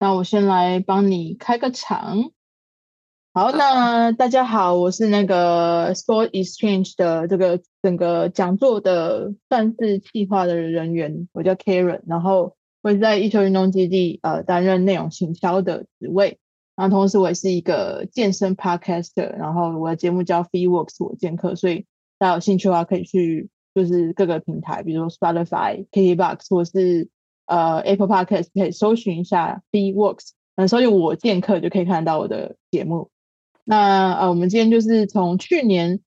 那我先來幫你開個場。好，那大家好，我是那個 Sport XChange 的這個整個講座的算是計劃的人員，我叫 Karen，然後我也在益球運動基地呃擔任內容行銷的職位，然後同時我也是一個健身 Podcaster，然後我的節目叫 Free Works 我健客，所以大家有興趣的話可以去就是各個平台，比如 Spotify、KKBox i 我是。呃，Apple Podcast 可以搜尋一下 B Works。嗯，搜尋我見客就可以看到我的節目。那呃，我們今天就是從去年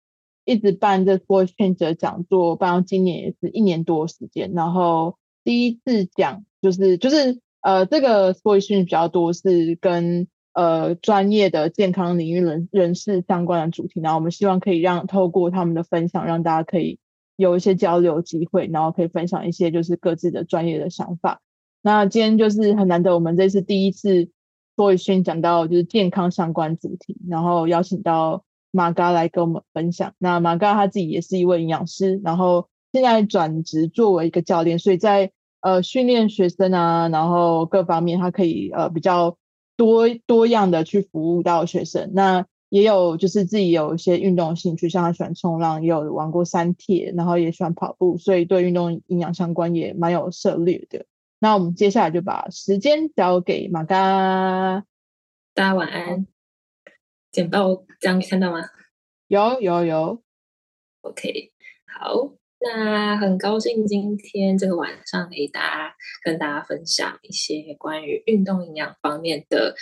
一直辦這 Sport XChange 的講座，辦到今年也是一年多時間。然後第一次講就是就是呃，這個 Sport XChange 比較多是跟呃專業的健康領域人人士相關的主題。然後我們希望可以讓透過他們的分享，讓大家可以。有一些交流機會，然後可以分享一些就是各自的專業的想法。那今天就是很難得，我們這次第一次做宣講到就是健康相關主題，然後邀請到馬嘎來跟我們分享。那馬嘎他自己也是一位營養師，然後現在轉職作為一個教練，所以在呃訓練學生啊，然後各方面他可以呃比較多多樣的去服務到學生。那也有就是自己有一些運動興趣，像他喜歡衝浪，也有玩過三鐵，然後也喜歡跑步，所以對運動營養相關也蠻有涉獵的。那我們接下來就把時間交給馬嘎，大家晚安。簡報這樣你看到嗎？有有有。OK，好，那很高興今天這個晚上可以大家跟大家分享一些關於運動營養方面的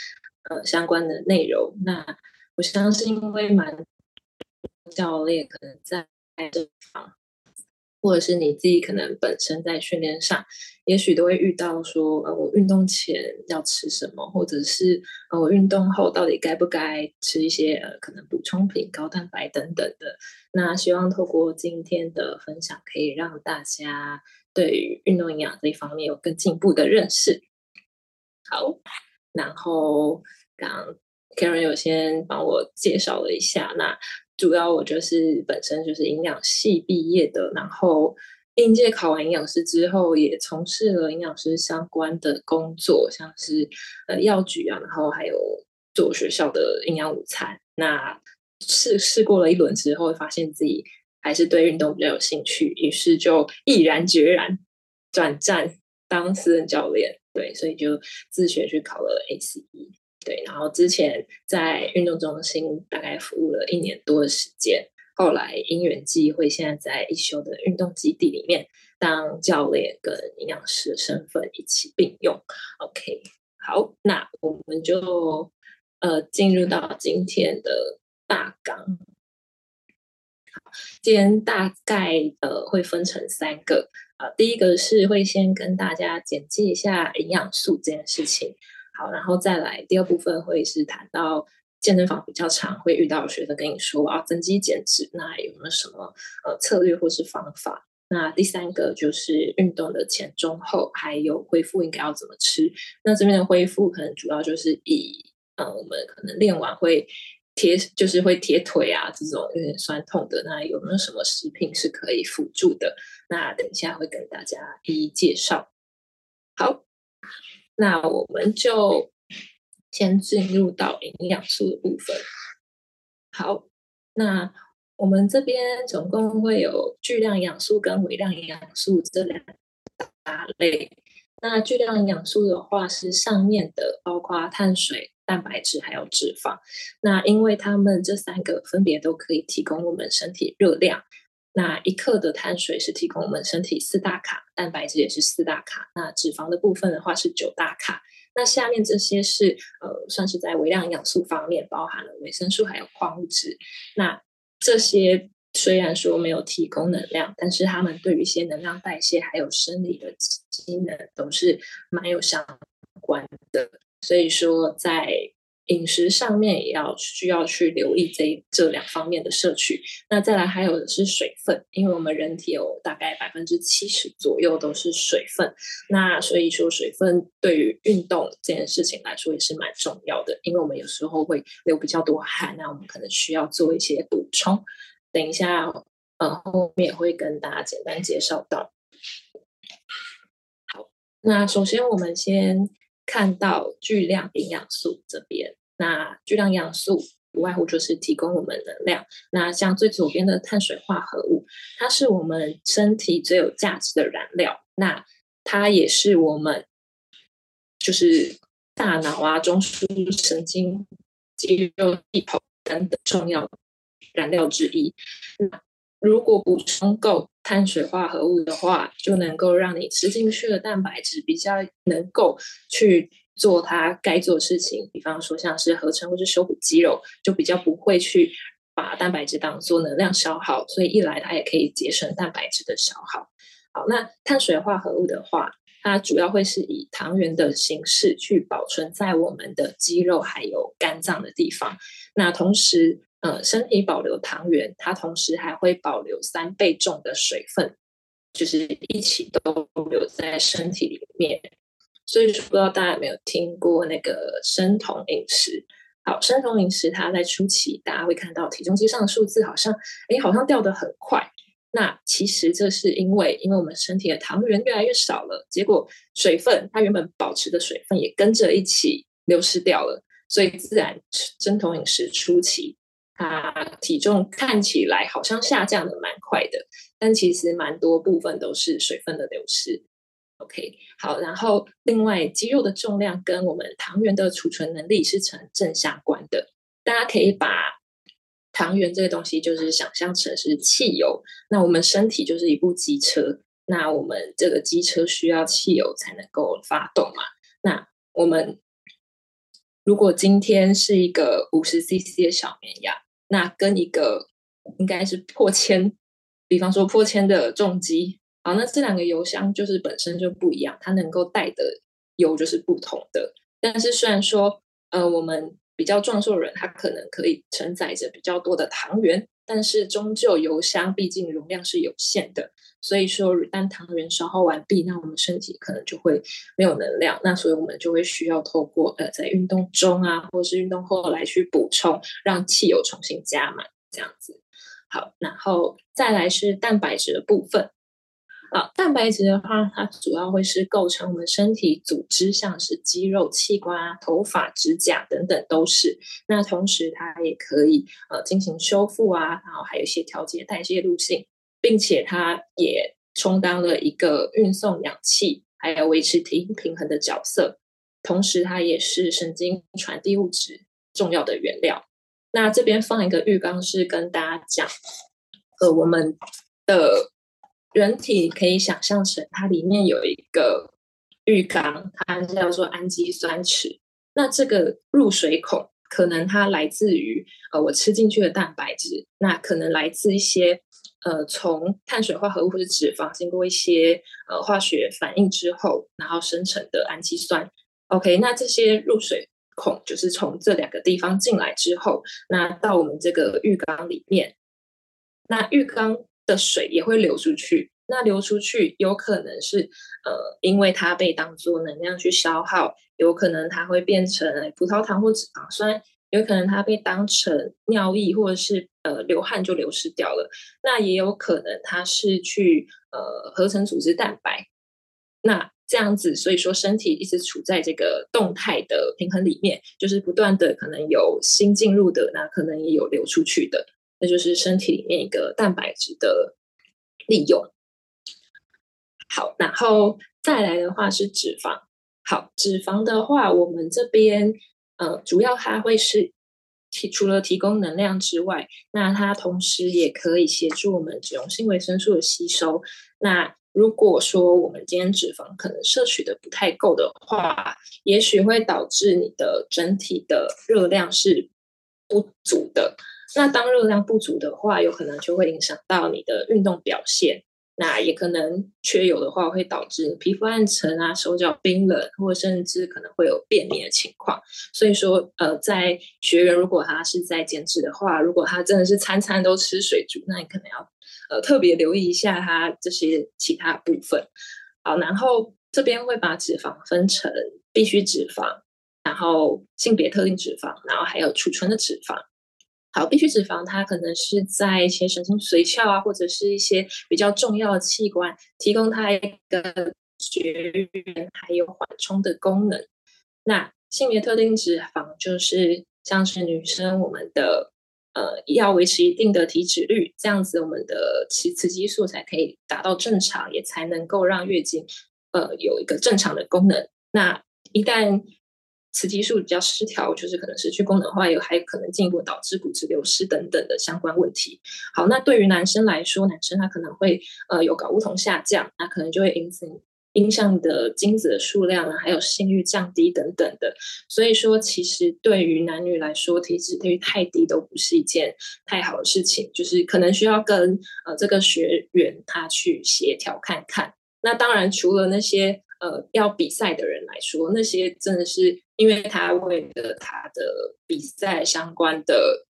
呃相關的內容。那我相信，因為蠻教練可能在健身房，或者是你自己可能本身在訓練上，也許都會遇到說，呃，我運動前要吃什麼，或者是呃，我運動後到底該不該吃一些呃，可能補充品、高蛋白等等的。那希望透過今天的分享，可以讓大家對於運動營養這一方面有更進一步的認識。好，然後讓。Karen 有先幫我介紹了一下，那主要我就是本身就是營養系畢業的，然後應屆考完營養師之後，也從事了營養師相關的工作，像是呃藥局啊，然後還有做學校的營養午餐。那試試過了一輪之後，發現自己還是對運動比較有興趣，於是就毅然決然轉戰當私人教練。對，所以就自學去考了 ACE。對，然後之前在運動中心大概服務了一年多的時間，後來因緣際會，現在在一休的運動基地裡面當教練跟營養師的身份一起並用。OK，好，那我們就、呃、進入到今天的大綱。今天大概的會分成三個、呃、第一個是會先跟大家簡介一下營養素這件事情。好，然後再來第二部分會是談到健身房比較常會遇到學生跟你說啊增肌減脂，那有沒有什麼呃策略或是方法？那第三個就是運動的前中後還有恢復應該要怎麼吃？那這邊的恢復可能主要就是以呃、嗯、我們可能練完會鐵就是會鐵腿啊這種有點酸痛的，那有沒有什麼食品是可以輔助的？那等一下會跟大家一一介紹。好。那我們就先進入到營養素的部分。好，那我們這邊總共會有巨量營養素跟微量營養素這兩大類。那巨量營養素的話是上面的，包括碳水、蛋白質還有脂肪。那因為它們這三個分別都可以提供我們身體熱量。那一克的碳水是提供我們身體四大卡，蛋白質也是四大卡。那脂肪的部分的話是九大卡。那下面這些是呃，算是在微量營養素方面包含了維生素還有礦物質。那這些雖然說沒有提供能量，但是他們對於一些能量代謝還有生理的機能都是蠻有相關的。所以說在。飲食上面也要需要去留意這這兩方面的攝取，那再來還有的是水分，因為我們人體有大概百分之七十左右都是水分，那所以說水分對於運動這件事情來說也是蠻重要的，因為我們有時候會流比較多汗，那我們可能需要做一些補充。等一下，哦，呃、嗯，後面會跟大家簡單介紹到。好，那首先我們先看到巨量營養素這邊。那巨量營養素無外乎就是提供我們能量。那像最左邊的碳水化合物，它是我們身體最有價值的燃料。那它也是我們就是大腦啊、中樞神經、肌肉系統等等重要燃料之一。那如果補充夠碳水化合物的話，就能夠讓你吃進去的蛋白質比較能夠去。做它該做的事情，比方說像是合成或是修補肌肉，就比較不會去把蛋白質當做能量消耗，所以一來它也可以節省蛋白質的消耗。好，那碳水化合物的話，它主要會是以糖原的形式去保存在我們的肌肉還有肝臟的地方。那同時，呃，身體保留糖原，它同時還會保留三倍重的水分，就是一起都留在身體裡面。所以不知道大家有沒有聽過那個生酮飲食？好，生酮飲食它在初期，大家會看到體重機上的數字好像，哎，好像掉得很快。那其實這是因為，因為我們身體的糖原越來越少了，結果水分它原本保持的水分也跟着一起流失掉了，所以自然生酮飲食初期，它體重看起來好像下降得蠻快的，但其實蠻多部分都是水分的流失。OK，好，然後另外肌肉的重量跟我們糖原的儲存能力是成正相關的。大家可以把糖原這個東西，就是想象成是汽油。那我們身體就是一部機車，那我們這個機車需要汽油才能夠發動嘛。那我們如果今天是一個五十 CC 的小綿羊，那跟一個應該是破千，比方說破千的重機。好，那這兩個油箱就是本身就不一樣，它能夠帶的油就是不同的。但是雖然說，呃，我們比較壯碩的人，他可能可以承載着比較多的糖原，但是終究油箱畢竟容量是有限的。所以說，當糖原消耗完畢，那我們身體可能就會沒有能量。那所以我們就會需要透過呃，在運動中啊，或是運動後來去補充，讓汽油重新加滿這樣子。好，然後再來是蛋白質的部分。啊，蛋白質的話，它主要會是構成我們身體組織，像是肌肉、器官啊、頭髮、指甲等等都是。那同時，它也可以呃進行修復啊，然後還有一些調節代謝路徑，並且它也充當了一個運送氧氣，還有維持體液平衡的角色。同時，它也是神經傳遞物質重要的原料。那這邊放一個浴缸是跟大家講，呃，我們的。人體可以想象成它裡面有一個浴缸，它叫做氨基酸池。那這個入水孔可能它來自於呃我吃進去的蛋白質，那可能來自一些呃從碳水化合物或者脂肪經過一些呃化學反應之後，然後生成的氨基酸。OK，那這些入水孔就是從這兩個地方進來之後，那到我們這個浴缸裡面，那浴缸。的水也會流出去，那流出去有可能是，呃，因為它被當做能量去消耗，有可能它會變成葡萄糖或脂肪酸，有可能它被當成尿液或者是呃流汗就流失掉了，那也有可能它是去呃合成組織蛋白，那這樣子，所以說身體一直處在這個動態的平衡裡面，就是不斷的可能有新進入的，那可能也有流出去的。那就是身體裡面一個蛋白質的利用。好，然後再來的話是脂肪。好，脂肪的話，我們這邊呃，主要它會是提除了提供能量之外，那它同時也可以協助我們脂溶性維生素的吸收。那如果說我們今天脂肪可能攝取的不太夠的話，也許會導致你的整體的熱量是不足的。那當熱量不足的話，有可能就會影響到你的運動表現。那也可能缺油的話，會導致皮膚暗沉啊、手腳冰冷，或甚至可能會有便秘的情況。所以說，呃，在學員如果他是在減脂的話，如果他真的是餐餐都吃水煮，那你可能要呃特別留意一下他這些其他部分。好，然後這邊會把脂肪分成必需脂肪，然後性別特定脂肪，然後還有儲存的脂肪。好，必需脂肪它可能是在一些神經髓鞘啊，或者是一些比較重要的器官，提供它一個絕緣還有緩衝的功能。那性別特定脂肪就是像是女生，我們的呃要維持一定的體脂率，這樣子我們的雌雌激素才可以達到正常，也才能夠讓月經呃有一個正常的功能。那一旦.雌激素比較失調，就是可能失去功能化，還有還可能進一步導致骨質流失等等的相關問題。好，那對於男生來說，男生他可能會呃有睾酮下降，那可能就會影響影響你的精子的數量啊，還有性欲降低等等的。所以說，其實對於男女來說，體脂率太低都不是一件太好的事情，就是可能需要跟呃這個學員他去協調看看。那當然，除了那些。呃，要比賽的人來說，那些真的是因為他為了他的比賽相關的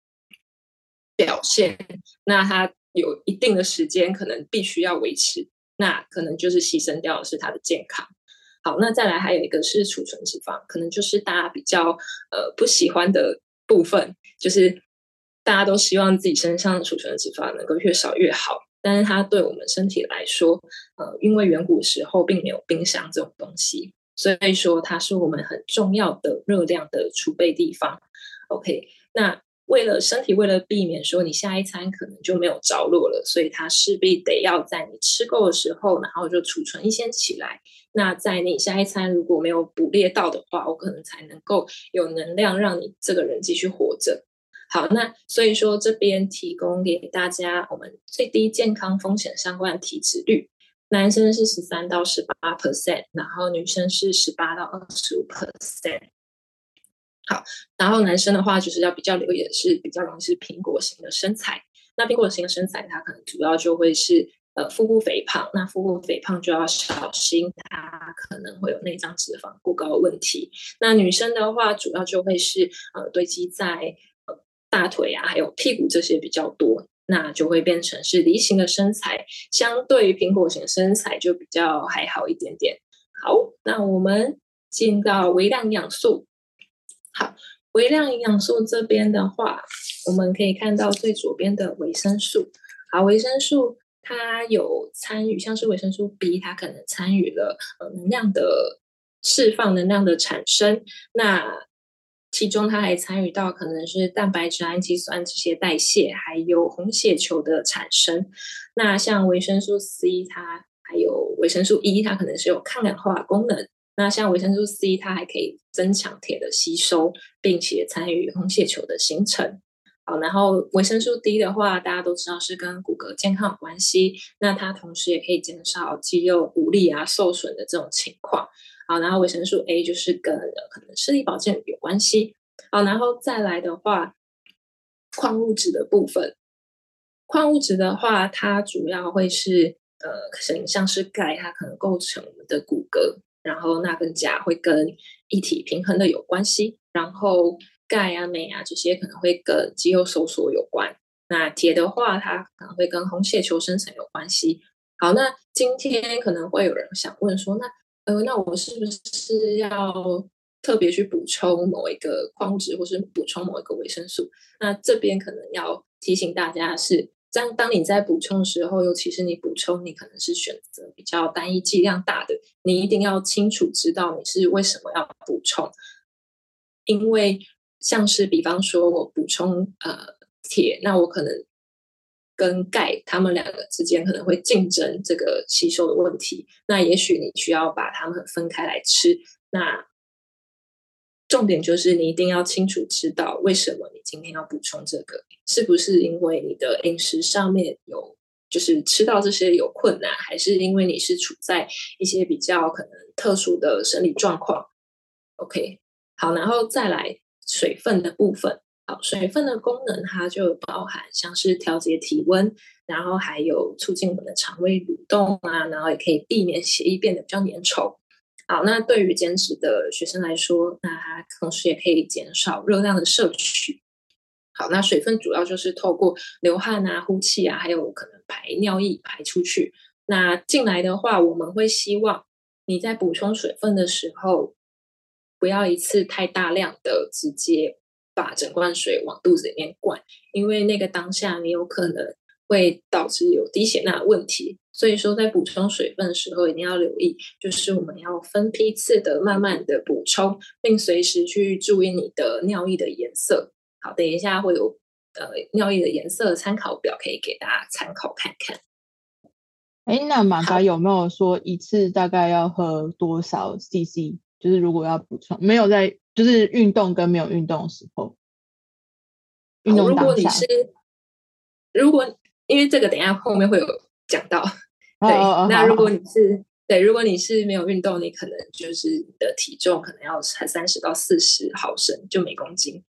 表現，那他有一定的時間可能必須要維持，那可能就是犧牲掉的是他的健康。好，那再來還有一個是儲存脂肪，可能就是大家比較呃不喜歡的部分，就是大家都希望自己身上儲存的脂肪能夠越少越好。但是它對我們身體來說，呃，因為遠古時候並沒有冰箱這種東西，所以說它是我們很重要的熱量的儲備地方。OK，那為了身體，為了避免說你下一餐可能就沒有着落了，所以它勢必得要在你吃夠的時候，然後就儲存一些起來。那在你下一餐如果沒有捕獵到的話，我可能才能夠有能量讓你這個人繼續活着。好，那所以說這邊提供給大家我們最低健康風險相關的體脂率，男生是十三到十八 percent，然後女生是十八到二十五 percent。好，然後男生的話就是要比較留意的是比較容易是蘋果型的身材，那蘋果型的身材它可能主要就會是呃腹部肥胖，那腹部肥胖就要小心它可能會有內臟脂肪過高的問題。那女生的話主要就會是呃堆積在大腿啊，還有屁股這些比較多，那就會變成是梨形的身材，相對於蘋果型身材就比較還好一點點。好，那我們進到微量營養素。好，微量營養素這邊的話，我們可以看到最左邊的維生素。好，維生素它有參與，像是維生素 B，它可能參與了呃能量的釋放、能量的產生。那其中，它還參與到可能是蛋白質、氨基酸這些代謝，還有紅血球的產生。那像維生素 C，它還有維生素 E，它可能是有抗氧化功能。那像維生素 C，它還可以增強鐵的吸收，並且參與紅血球的形成。好，然後維生素 D 的話，大家都知道是跟骨骼健康有關係，那它同時也可以減少肌肉無力啊、受損的這種情況。好，然後維生素 A 就是跟可能視力保健有關係。好，然後再來的話，礦物質的部分，礦物質的話，它主要會是呃，像是鈣，它可能構成我們的骨骼。然後鈉跟鉀會跟液體平衡的有關係。然後鈣啊、鎂啊這些可能會跟肌肉收縮有關。那鐵的話，它可能會跟紅血球生成有關係。好，那今天可能會有人想問說，那呃，那我是不是要特別去補充某一個礦物質，或是補充某一個維生素？那這邊可能要提醒大家是，當當你在補充的時候，尤其是你補充，你可能是選擇比較單一劑量大的，你一定要清楚知道你是為什麼要補充。因為像是比方說我補充呃鐵，那我可能。跟鈣，他們兩個之間可能會競爭這個吸收的問題。那也許你需要把它們分開來吃。那重點就是你一定要清楚知道，為什麼你今天要補充這個？是不是因為你的飲食上面有，就是吃到這些有困難，還是因為你是處在一些比較可能特殊的生理狀況？OK，好，然後再來水分的部分。好，水分的功能它就包含像是調節體溫，然後還有促進我們的腸胃蠕動啊，然後也可以避免血液變得比較粘稠。好，那對於減脂的學生來說，那它同時也可以減少熱量的攝取。好，那水分主要就是透過流汗啊、呼氣啊，還有可能排尿液排出去。那進來的話，我們會希望你在補充水分的時候，不要一次太大量的直接。把整罐水往肚子裡面灌，因為那個當下你有可能會導致有低血鈉問題，所以說在補充水分的時候一定要留意，就是我們要分批次的慢慢的補充，並隨時去注意你的尿液的顏色。好，等一下會有呃尿液的顏色參考表可以給大家參考看看。哎，那馬嘎有沒有說一次大概要喝多少 CC？就是如果要補充，沒有在。就是運動跟沒有運動的時候，運動。如果你是，如果因為這個，等一下後面會有講到。Oh, 對，oh, 那如果你是，oh, 對，oh. 如果你是沒有運動，你可能就是你的體重可能要才三十到四十毫升，就每公斤。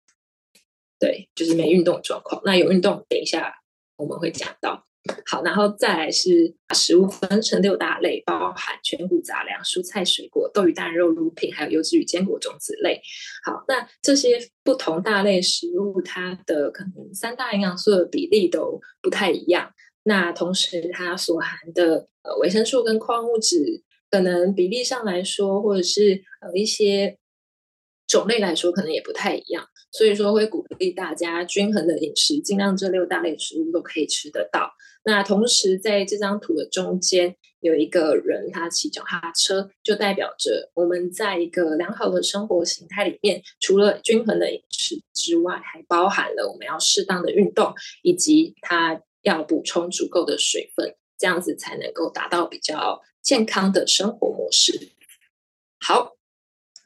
對，就是沒運動的狀況。那有運動，等一下我們會講到。好，然後再來是把食物分成六大類，包含全穀雜糧、蔬菜水果、豆魚蛋肉乳品、還有油脂與堅果種子類。好，那這些不同大類食物，它的可能三大營養素的比例都不太一樣。那同時，它所含的呃維生素跟礦物質，可能比例上來說，或者是呃一些種類來說，可能也不太一樣。所以說，會鼓勵大家均衡的飲食，盡量這六大類食物都可以吃得到。那同時，在這張圖的中間有一個人，他騎腳踏車，就代表着我們在一個良好的生活形態裡面，除了均衡的飲食之外，還包含了我們要適當的運動，以及他要補充足夠的水分，這樣子才能夠達到比較健康的生活模式。好，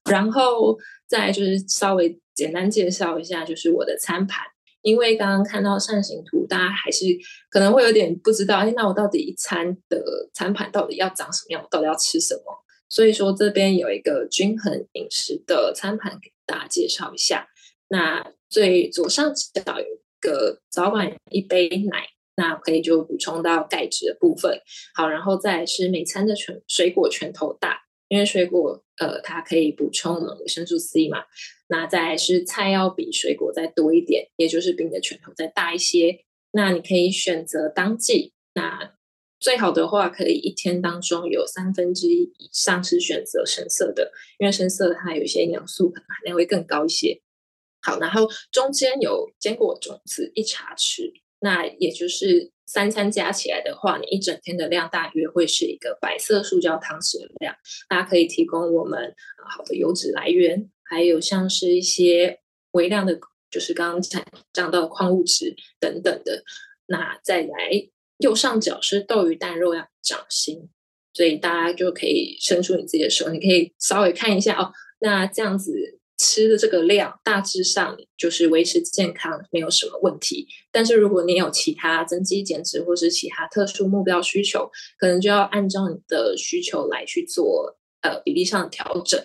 然後再就是稍微簡單介紹一下，就是我的餐盤。因為剛剛看到扇形圖，大家還是可能會有點不知道。哎，那我到底一餐的餐盤到底要長什麼樣？我到底要吃什麼？所以說這邊有一個均衡飲食的餐盤，給大家介紹一下。那最左上角有一個早晚一杯奶，那可以就補充到鈣質的部分。好，然後再是每餐的全水果拳頭大。因為水果，呃，它可以補充我們維生素 C 嘛。那再是菜要比水果再多一點，也就是比你的拳頭再大一些。那你可以選擇當季。那最好的話，可以一天當中有三分之一以上是選擇深色的，因為深色的它有一些營養素可能含量會更高一些。好，然後中間有堅果種子一茶匙，那也就是。三餐加起來的話，你一整天的量大約會是一個白色塑膠湯匙的量。它可以提供我們好的油脂來源，還有像是一些微量的，就是剛剛講到的礦物質等等的。那再來右上角是豆魚蛋肉一掌心，所以大家就可以伸出你自己的手，你可以稍微看一下哦。那這樣子。吃的這個量大致上就是維持健康沒有什麼問題，但是如果你有其他增肌、減脂或是其他特殊目標需求，可能就要按照你的需求來去做，呃，比例上的調整。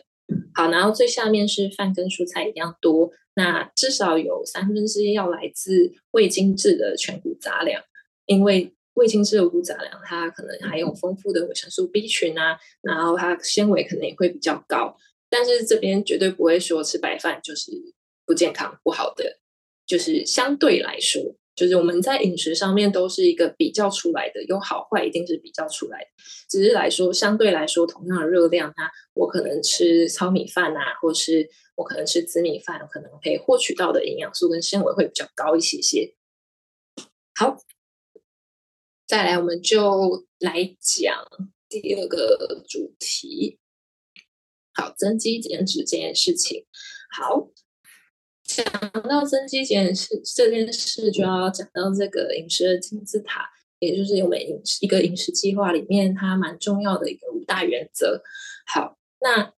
好，然後最下面是飯跟蔬菜一樣多，那至少有三分之一要來自未精製的全穀雜糧，因為未精製的穀雜糧它可能含有豐富的維生素 B 群啊，然後它纖維可能也會比較高。但是這邊絕對不會說吃白飯就是不健康不好的，就是相對來說，就是我們在飲食上面都是一個比較出來的，有好壞一定是比較出來的。只是來說，相對來說，同樣的熱量啊，我可能吃糙米飯啊，或是我可能吃紫米飯，我可能可以獲取到的營養素跟纖維會比較高一些些。好，再來我們就來講第二個主題。好，增肌減脂這件事情，好，講到增肌減脂這件事，就要講到這個飲食的金字塔，也就是我們飲食一個飲食計劃裡面，它蠻重要的一個五大原則。好，那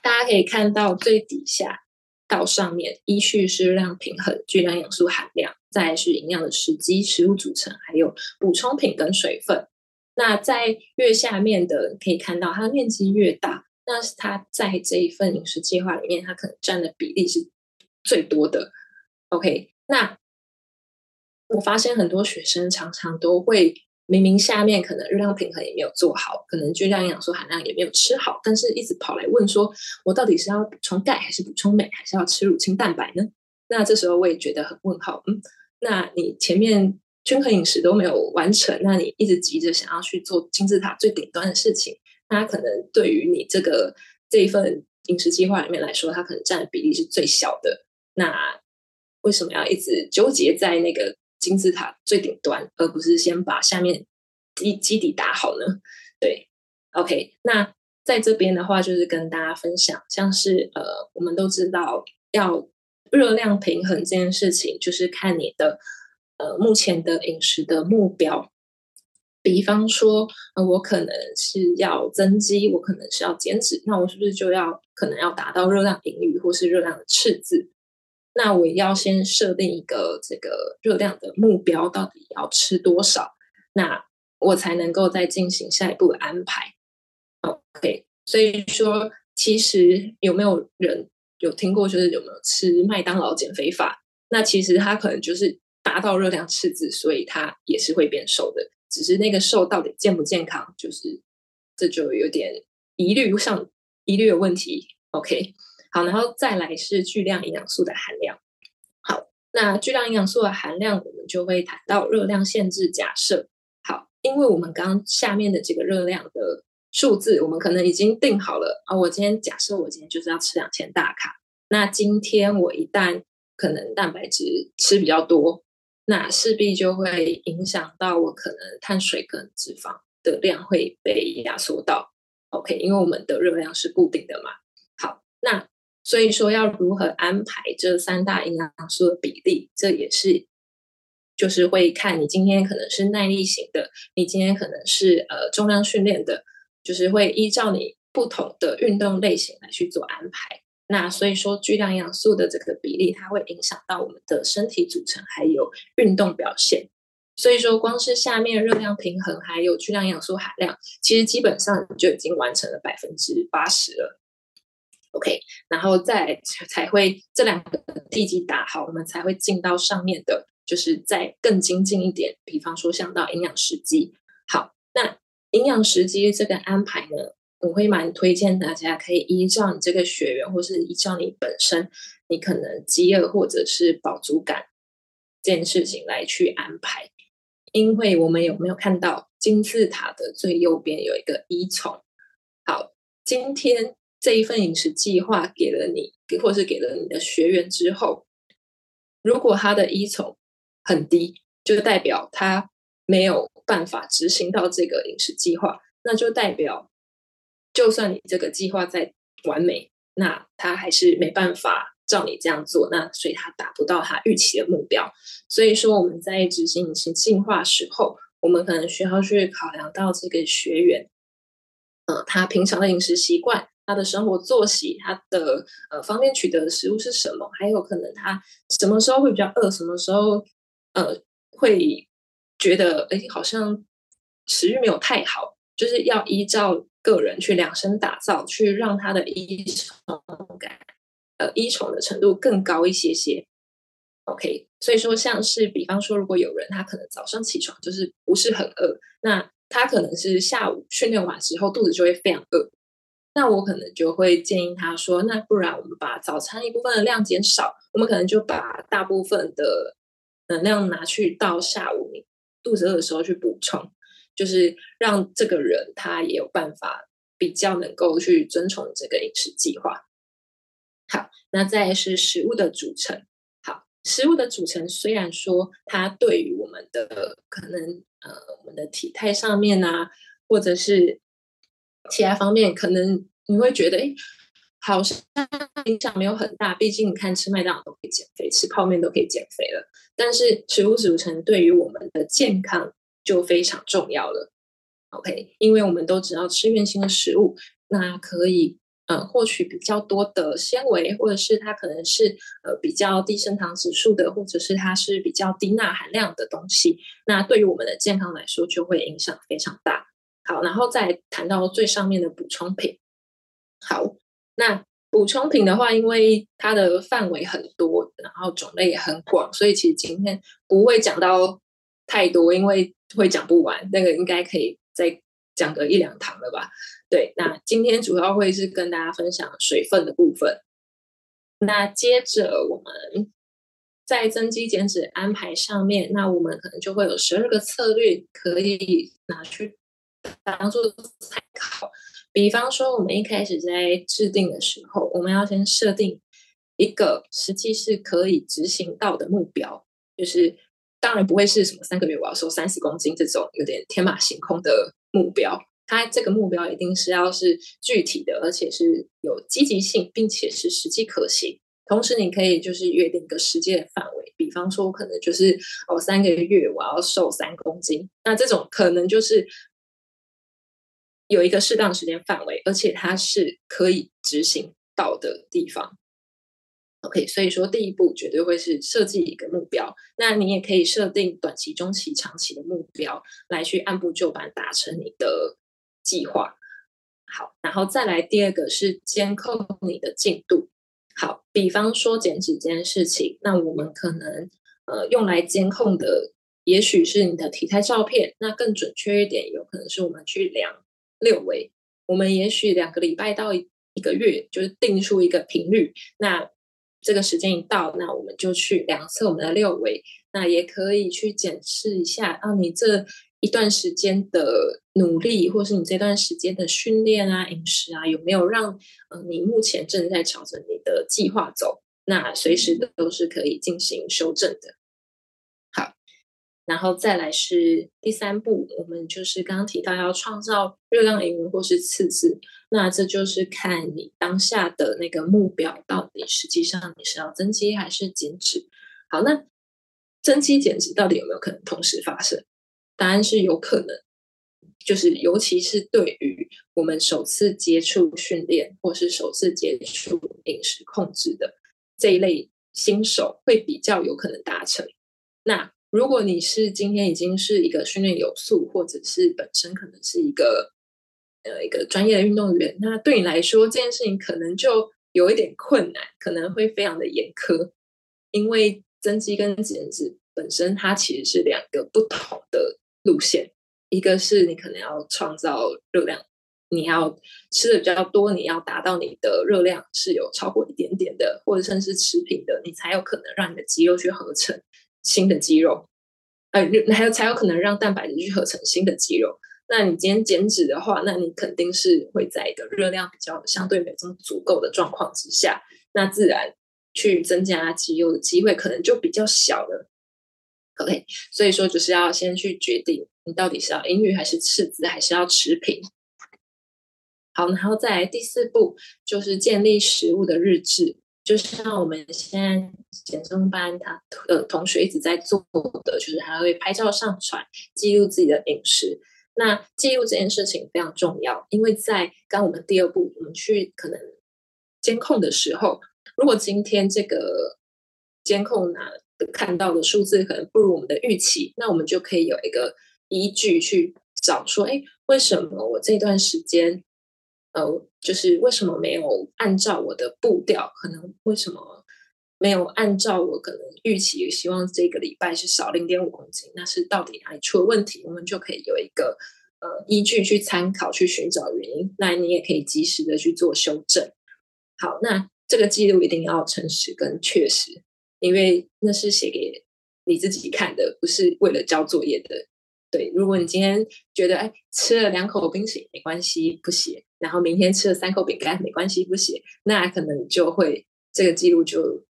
大家可以看到最底下到上面，依序是熱量平衡、巨量營養素含量，再是營養的時機、食物組成，還有補充品跟水分。那在越下面的可以看到，它的面積越大，那是它在這一份飲食計劃裡面，它可能占的比例是最多的。OK，那我發現很多學生常常都會明明下面可能熱量平衡也沒有做好，可能巨量營養素含量也沒有吃好，但是一直跑來問說：“我到底是要補充鈣還是補充鎂，還是要吃乳清蛋白呢？”那這時候我也覺得很問號。嗯，那你前面。均衡飲食都沒有完成，那你一直急着想要去做金字塔最頂端的事情，那可能對於你這個這一份飲食計劃裡面來說，它可能佔的比例是最小的。那為什麼要一直糾結在那個金字塔最頂端，而不是先把下面基基底打好呢？對，OK，那在這邊的話，就是跟大家分享，像是呃，我們都知道要熱量平衡這件事情，就是看你的。呃，目前的飲食的目標，比方說，呃，我可能是要增肌，我可能是要減脂，那我是不是就要可能要達到熱量盈餘或是熱量的赤字？那我要先設定一個這個熱量的目標，到底要吃多少，那我才能夠再進行下一步的安排。OK，所以說，其實有沒有人有聽過，就是有沒有吃麥當勞減肥法？那其實他可能就是。達到熱量赤字，所以它也是會變瘦的，只是那個瘦到底健不健康，就是這就有點疑慮，像疑慮的問題。OK，好，然後再來是巨量營養素的含量。好，那巨量營養素的含量，我們就會談到熱量限制假設。好，因為我們剛下面的這個熱量的數字，我們可能已經定好了啊、哦。我今天假設我今天就是要吃兩千大卡，那今天我一旦可能蛋白質吃比較多。那勢必就會影響到我可能碳水跟脂肪的量會被壓縮到，OK，因為我們的熱量是固定的嘛。好，那所以說要如何安排這三大營養素的比例，這也是就是會看你今天可能是耐力型的，你今天可能是呃重量訓練的，就是會依照你不同的運動類型來去做安排。那所以說，巨量營養素的這個比例，它會影響到我們的身體組成，還有運動表現。所以說，光是下面熱量平衡，還有巨量營養素含量，其實基本上就已經完成了百分之八十了。OK，然後再才會這兩個地基打好，我們才會進到上面的，就是再更精進一點，比方說像到營養時機。好，那營養時機這個安排呢？我會蠻推薦大家可以依照你這個學員，或是依照你本身，你可能飢餓或者是飽足感這件事情來去安排，因為我們有沒有看到金字塔的最右邊有一個依從？好，今天這一份飲食計劃給了你，或是給了你的學員之後，如果他的依從很低，就代表他沒有辦法執行到這個飲食計劃，那就代表。就算你這個計劃再完美，那他還是沒辦法照你這樣做，那所以他達不到他預期的目標。所以說我們在執行飲食計劃時候，我們可能需要去考量到這個學員，呃，他平常的飲食習慣，他的生活作息，他的呃方便取得的食物是什麼，還有可能他什麼時候會比較餓，什麼時候呃會覺得誒好像食慾沒有太好，就是要依照。個人去量身打造，去讓他的依從感，呃，依從的程度更高一些些。OK，所以說像是比方說，如果有人他可能早上起床就是不是很餓，那他可能是下午訓練完之後肚子就會非常餓。那我可能就會建議他說，那不然我們把早餐一部分的量減少，我們可能就把大部分的能量拿去到下午你肚子餓的時候去補充。就是讓這個人他也有辦法比較能夠去遵從這個飲食計劃。好，那再是食物的組成。好，食物的組成雖然說它對於我們的可能呃我們的體態上面呢、啊，或者是其他方面，可能你會覺得哎，好像影響沒有很大，畢竟你看吃麥當勞都可以減肥，吃泡麵都可以減肥了。但是食物組成對於我們的健康。就非常重要了，OK，因為我們都知道吃原型的食物，那可以呃獲取比較多的纖維，或者是它可能是呃比較低升糖指數的，或者是它是比較低鈉含量的東西，那對於我們的健康來說就會影響非常大。好，然後再談到最上面的補充品。好，那補充品的話，因為它的範圍很多，然後種類也很廣，所以其實今天不會講到。太多，因為會講不完。那個應該可以再講個一兩堂了吧？對，那今天主要會是跟大家分享水分的部分。那接着我們在增肌減脂安排上面，那我們可能就會有十二個策略可以拿去當做參考。比方說，我們一開始在制定的時候，我們要先設定一個實際是可以執行到的目標，就是。當然不會是什麼三個月我要瘦三十公斤這種有點天馬行空的目標，它這個目標一定是要是具體的，而且是有積極性，並且是實際可行。同時，你可以就是約定一個時間的範圍，比方說可能就是哦三個月我要瘦三公斤，那這種可能就是有一個適當的時間範圍，而且它是可以執行到的地方。OK，所以說第一步絕對會是設計一個目標。那你也可以設定短期、中期、長期的目標，來去按部就班達成你的計劃。好，然後再來第二個是監控你的進度。好，比方說減脂這件事情，那我們可能呃用來監控的，也許是你的體態照片，那更準確一點，有可能是我們去量六圍，我們也許兩個禮拜到一個月，就是定出一個頻率，那。這個時間一到，那我們就去量測我們的六圍，那也可以去檢視一下，啊，你這一段時間的努力，或是你這段時間的訓練啊、飲食啊，有沒有讓，呃，你目前正在朝着你的計劃走？那隨時都是可以進行修正的。然後再來是第三步，我們就是剛剛提到要創造熱量盈餘或是赤字，那這就是看你當下的那個目標，到底實際上你是要增肌還是減脂。好，那增肌減脂到底有沒有可能同時發生？答案是有可能，就是尤其是對於我們首次接觸訓練或是首次接觸飲食控制的這一類新手，會比較有可能達成。那如果你是今天已經是一個訓練有素，或者是本身可能是一個呃一個專業的運動員，那對你來說這件事情可能就有一點困難，可能會非常的嚴苛，因為增肌跟減脂本身它其實是兩個不同的路線，一個是你可能要創造熱量，你要吃的比較多，你要達到你的熱量是有超過一點點的，或者甚至是持平的，你才有可能讓你的肌肉去合成。新的肌肉，呃，還有才有可能讓蛋白質去合成新的肌肉。那你今天減脂的話，那你肯定是會在一個熱量比較相對沒這麼足夠的狀況之下，那自然去增加肌肉的機會可能就比較小了。OK，所以說就是要先去決定你到底是要盈餘還是赤字，還是要持平。好，然後再來第四步就是建立食物的日志。就像我們現在減重班，他的同學一直在做的，就是還會拍照上傳，記錄自己的飲食。那記錄這件事情非常重要，因為在剛剛我們第二步，我們去可能監控的時候，如果今天這個監控呢、啊，看到的數字可能不如我們的預期，那我們就可以有一個依據去找說，哎，為什麼我這段時間？呃，就是為什麼沒有按照我的步調？可能為什麼沒有按照我可能預期？希望這個禮拜是少零點五公斤，那是到底哪裡出了問題？我們就可以有一個呃依據去參考，去尋找原因。那你也可以及時的去做修正。好，那這個記錄一定要誠實跟確實，因為那是寫給你自己看的，不是為了交作業的。對，如果你今天覺得哎，吃了兩口冰淇淋沒關係，不寫。然後明天吃了三口餅乾，沒關係，不寫，那可能你就會這個記錄就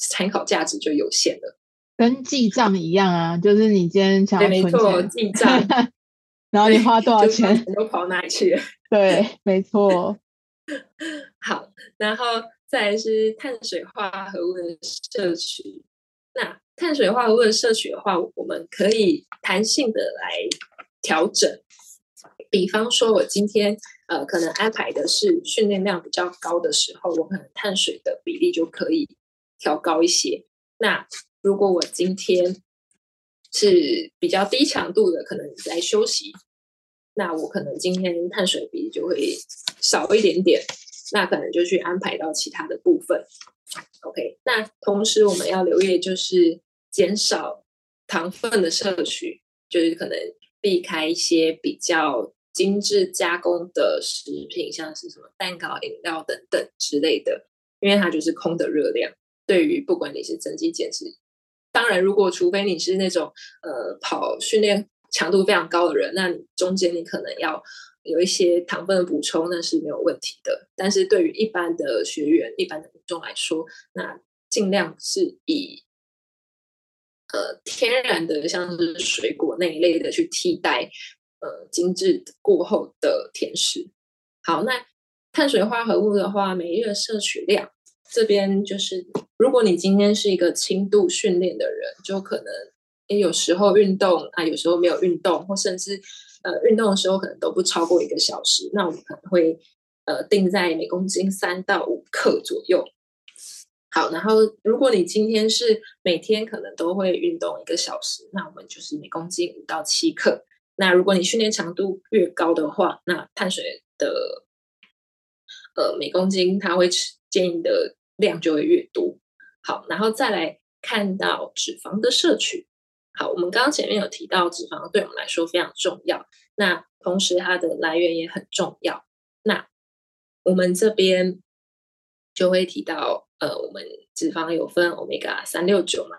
參考價值就有限了，跟記賬一樣啊，就是你今天想要存錢，記賬， 然後你花多少錢，就錢都跑哪裡去了？對，沒錯。 好，然後再來是碳水化合物的攝取，那碳水化合物的攝取的話，我們可以彈性的來調整，比方說我今天。呃，可能安排的是訓練量比較高的時候，我可能碳水的比例就可以調高一些。那如果我今天是比較低強度的，可能在休息，那我可能今天碳水比例就會少一點點，那可能就去安排到其他的部分。OK，那同時我們要留意就是減少糖分的攝取，就是可能避開一些比較精緻加工的食品，像是什麼蛋糕、飲料等等之類的，因為它就是空的熱量。對於不管你是增肌、減脂，當然如果除非你是那種呃跑訓練強度非常高的人，那你中間你可能要有一些糖分的補充，那是沒有問題的。但是對於一般的學員、一般的民眾來說，那盡量是以呃天然的，像是水果那一類的去替代。呃，精緻過後的甜食。好，那碳水化合物的話，每日攝取量這邊就是，如果你今天是一個輕度訓練的人，就可能也有時候運動啊，有時候沒有運動，或甚至呃運動的時候可能都不超過一個小時，那我們可能會呃定在每公斤三到五克左右。好，然後如果你今天是每天可能都會運動一個小時，那我們就是每公斤五到七克。那如果你訓練強度越高的話，那碳水的呃每公斤它會吃建議的量就會越多。好，然後再來看到脂肪的攝取。好，我們剛剛前面有提到脂肪對我們來說非常重要，那同時它的來源也很重要。那我們這邊就會提到呃，我們脂肪有分歐米伽三六九嘛，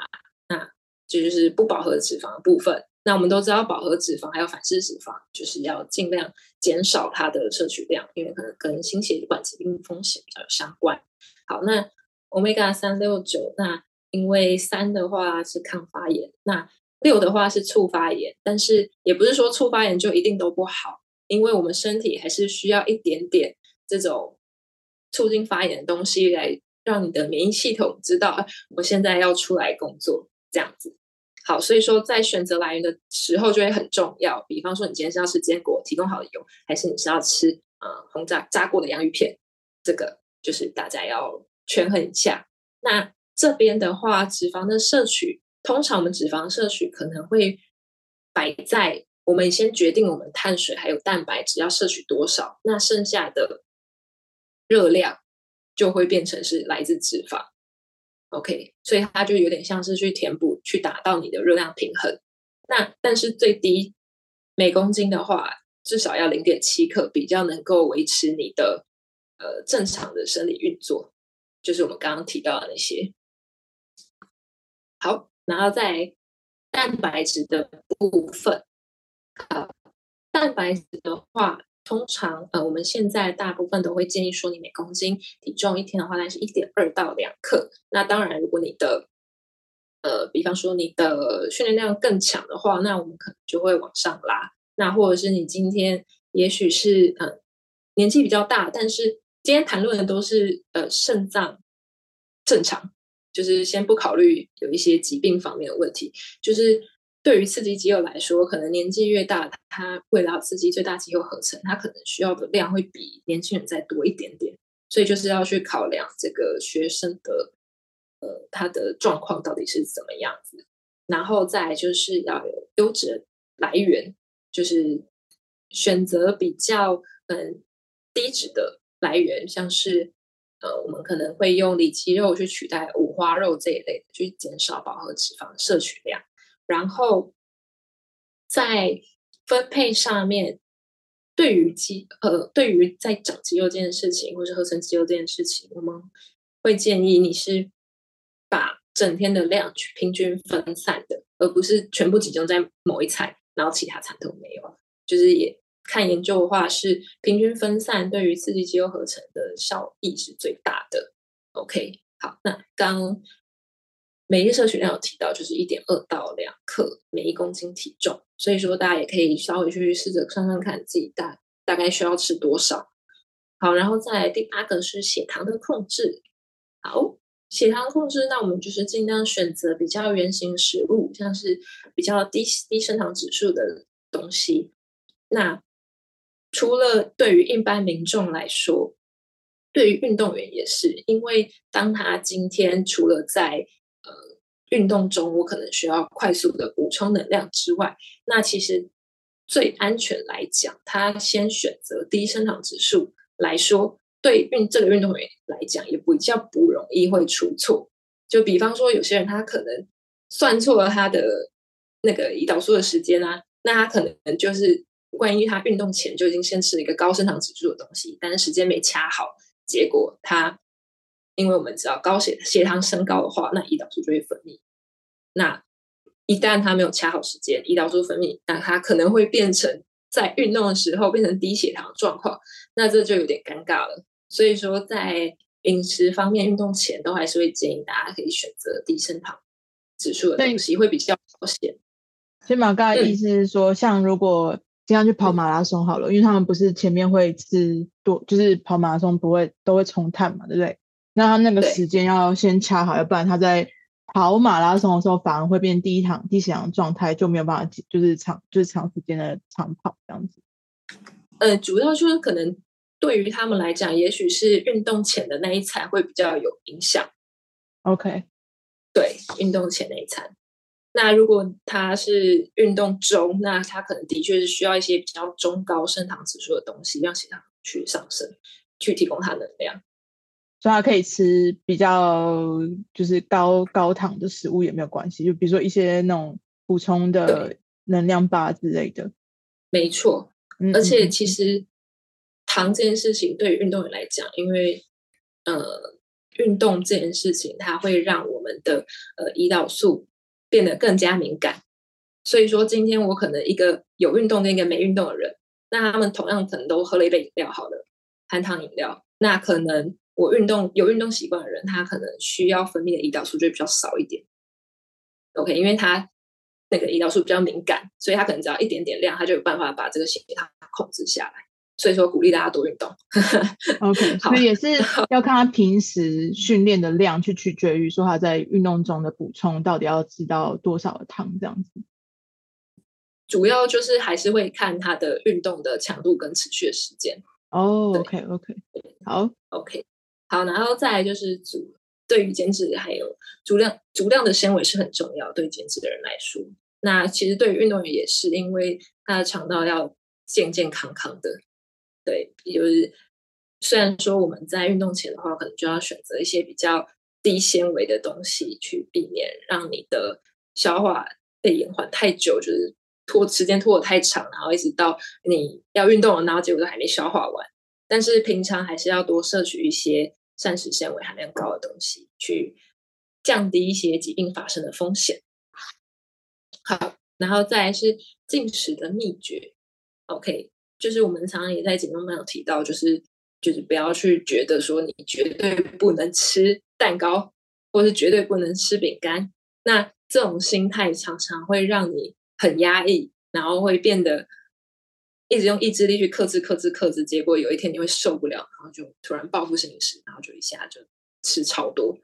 那這就是不飽和脂肪的部分。那我們都知道飽和脂肪還有反式脂肪，就是要盡量減少它的攝取量，因為可能跟心血管疾病風險比較相關。好，那 Omega 三六九，那因為三的話是抗發炎，那六的話是促發炎，但是也不是說促發炎就一定都不好，因為我們身體還是需要一點點這種促進發炎的東西，來讓你的免疫系統知道，啊，我現在要出來工作這樣子。好，所以說在選擇來源的時候就會很重要。比方說，你今天是要吃堅果提供好的油，還是你是要吃呃紅炸炸過的洋芋片？這個就是大家要權衡一下。那這邊的話，脂肪的攝取，通常我們脂肪攝取可能會擺在我們先決定我們碳水還有蛋白質要攝取多少，那剩下的熱量就會變成是來自脂肪。OK，所以它就有點像是去填補、去達到你的熱量平衡。那但是最低每公斤的話，至少要零點七克，比較能夠維持你的呃正常的生理運作，就是我們剛剛提到的那些。好，然後在蛋白質的部分，呃，蛋白質的話。通常，呃，我們現在大部分都會建議說，你每公斤體重一天的話大概是一點二到兩克。那當然，如果你的，呃，比方說你的訓練量更強的話，那我們可能就會往上拉。那或者是你今天也許是，嗯、呃，年紀比較大，但是今天談論的都是呃腎臟正常，就是先不考慮有一些疾病方面的問題，就是。對於刺激肌肉來說，可能年紀越大，它為了刺激最大肌肉合成，它可能需要的量會比年輕人再多一點點。所以就是要去考量這個學生的呃他的狀況到底是怎麼樣子，然後再就是要有優質的來源，就是選擇比較嗯低脂的來源，像是呃我們可能會用里肌肉去取代五花肉這一類的，去減少飽和脂肪攝取量。然後在分配上面，對於肌、呃，對於在長肌肉這件事情，或是合成肌肉這件事情，我們會建議你是把整天的量去平均分散的，而不是全部集中在某一餐，然後其他餐都沒有。就是也看研究的話，是平均分散對於刺激肌，肌肉合成的效益是最大的。OK，好，那剛。每日攝取量有提到，就是一點二到兩克每一公斤體重，所以說大家也可以稍微去試着算算看，看自己大大概需要吃多少。好，然後再第八個是血糖的控制。好，血糖控制，那我們就是盡量選擇比較原型食物，像是比較低低升糖指數的東西。那除了對於一般民眾來說，對於運動員也是，因為當他今天除了在運動中，我可能需要快速的補充能量之外，那其實最安全來講，他先選擇低升糖指數來說，對運這個運動員來講也比較不容易會出錯。就比方說，有些人他可能算錯了他的那個胰島素的時間啊，那他可能就是關於他運動前就已經先吃了一個高升糖指數的東西，但是時間沒掐好，結果他。因為我們只要高血血糖升高的話，那胰島素就會分泌。那一旦它沒有掐好時間，胰島素分泌，那它可能會變成在運動的時候變成低血糖狀況，那這就有點尷尬了。所以說，在飲食方面，運動前都還是會建議大家可以選擇低升糖指數的東西，會比較保險。以馬嘎的意思是說，像如果經常去跑馬拉松好了，因為他們不是前面會吃多，就是跑馬拉松不會都會充碳嘛，對不對？那他那個時間要先掐好，要不然他在跑馬拉松的時候，反而會變低血糖，低血糖狀態就沒有辦法，就是長就是長時間的長跑這樣子。呃，主要就是可能對於他們來講，也許是運動前的那一餐會比較有影響。OK，對，運動前那一餐。那如果他是運動中，那他可能的確是需要一些比較中高升糖指數的東西，讓血糖去上升，去提供他能量。他可以吃比較就是高高糖的食物也沒有關係，就比如說一些那種補充的能量棒之類的，沒錯、嗯。而且其實糖這件事情對於運動員來講，因為呃運動這件事情，它會讓我們的呃胰島素變得更加敏感。所以說，今天我可能一個有運動跟一個沒運動的人，那他們同樣可能都喝了一杯飲料，好了，含糖飲料，那可能。我運動有運動習慣的人，他可能需要分泌的胰島素就比較少一點。OK，因為他那個胰島素比較敏感，所以他可能只要一點點量，他就有辦法把這個血給他控制下來。所以說，鼓勵大家多運動。 OK， 好，所以也是要看他平時訓練的量，去取決於說他在運動中的補充到底要知道多少的糖這樣子。主要就是還是會看他的運動的強度跟持續的時間。Oh, OK，OK，okay, okay. 好，OK。好，然後再來就是足對於減脂，還有足量足量的纖維是很重要，對減脂的人來說。那其實對於運動員也是，因為他的腸道要健健康康的。對，就是雖然說我們在運動前的話，可能就要選擇一些比較低纖維的東西，去避免讓你的消化被延緩太久，就是拖時間拖得太長，然後一直到你要運動了，然後結果都還沒消化完。但是平常還是要多攝取一些膳食纖維含量高的東西，去降低一些疾病發生的風險。好，然後再來是進食的秘訣。OK，就是我們常常也在節目裡面有提到，就是就是不要去覺得說你絕對不能吃蛋糕，或是絕對不能吃餅乾。那這種心態常常會讓你很壓抑，然後會變得。一直用意志力去克制、克制、克制，結果有一天你會受不了，然後就突然報復性飲食，然後就一下就吃超多。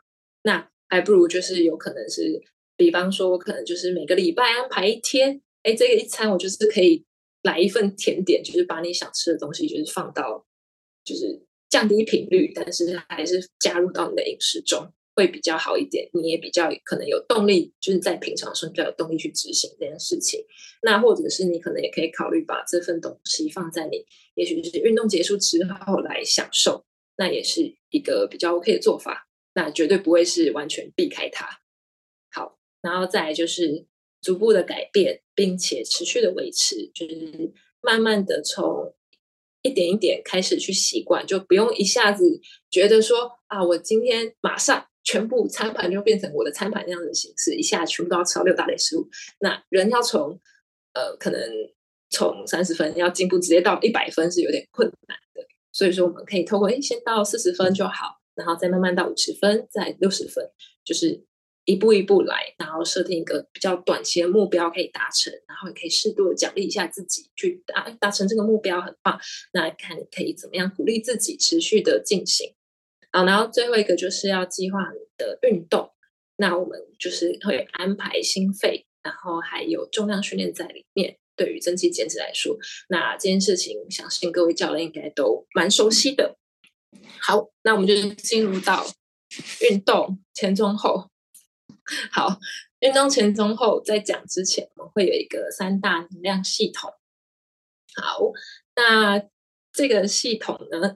那還不如就是有可能是，比方說我可能就是每個禮拜安排一天，哎，這個一餐我就是可以來一份甜點，就是把你想吃的東西就是放到，就是降低頻率，但是還是加入到你的飲食中。會比較好一點，你也比較可能有動力，就是在平常生比較有動力去執行這件事情。那或者是你可能也可以考慮把這份東西放在你，也許就是運動結束之後來享受，那也是一個比較 OK 的做法，那絕對不會是完全避開它。好，然後再來就是逐步的改變，並且持續的維持，就是慢慢的從一點一點開始去習慣，就不用一下子覺得說啊，我今天馬上。全部餐盤就變成我的餐盤那樣的形式，一下全部都要吃到六大類食物。那人要從呃，可能從三十分要進步，直接到一百分是有點困難的。所以說，我們可以透過哎，先到四十分就好，然後再慢慢到五十分，再六十分，就是一步一步來，然後設定一個比較短期的目標可以達成，然後也可以適度的獎勵一下自己去達達成這個目標很棒。那看可以怎麼樣鼓勵自己持續的進行。好，然後最後一個就是要計劃你的運動。那我們就是會安排心肺，然後還有重量訓練在裡面。對於增肌減脂來說，那這件事情相信各位教練應該都蠻熟悉的。好，那我們就進入到運動前中後。好，運動前中後，在講之前，我們會有一個三大能量系統。好，那這個系統呢？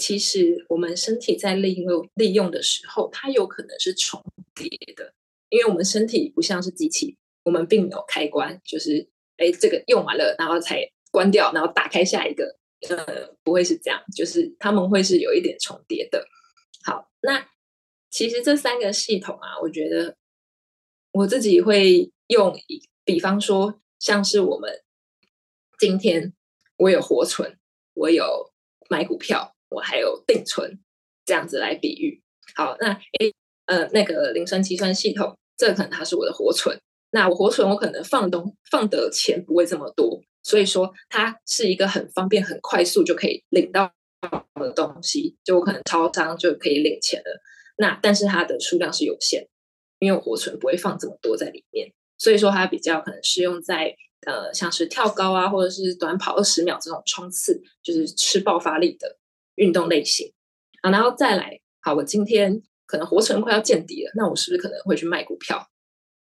其實我們身體在利用利用的時候，它有可能是重疊的，因為我們身體不像是機器，我們並沒有開關，就是哎，這個用完了，然後才關掉，然後打開下一個，呃，不會是這樣，就是他們會是有一點重疊的。好，那其實這三個系統啊，我覺得我自己會用一，比方說像是我們今天我有活存，我有買股票。我還有定存這樣子來比喻。好，那 A 呃，那個磷酸肌酸系統，這個，可能它是我的活存。那我活存我可能放東放的錢不會這麼多，所以說它是一個很方便，很快速就可以領到的東西，就我可能超商就可以領錢了。那但是它的數量是有限，因為我活存不會放這麼多在裡面，所以說它比較可能適用在呃，像是跳高啊，或者是短跑二十秒這種衝刺，就是吃爆發力的。運動類型、啊，然後再來。好，我今天可能活成快要見底了，那我是不是可能會去賣股票？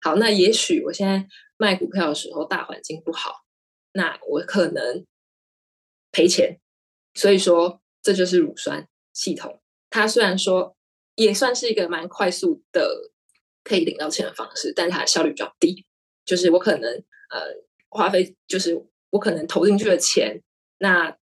好，那也許我現在賣股票的時候大環境不好，那我可能賠錢。所以說，這就是乳酸系統。它雖然說也算是一個蠻快速的可以領到錢的方式，但是它的效率比較低。就是我可能呃花費，就是我可能投進去的錢，那。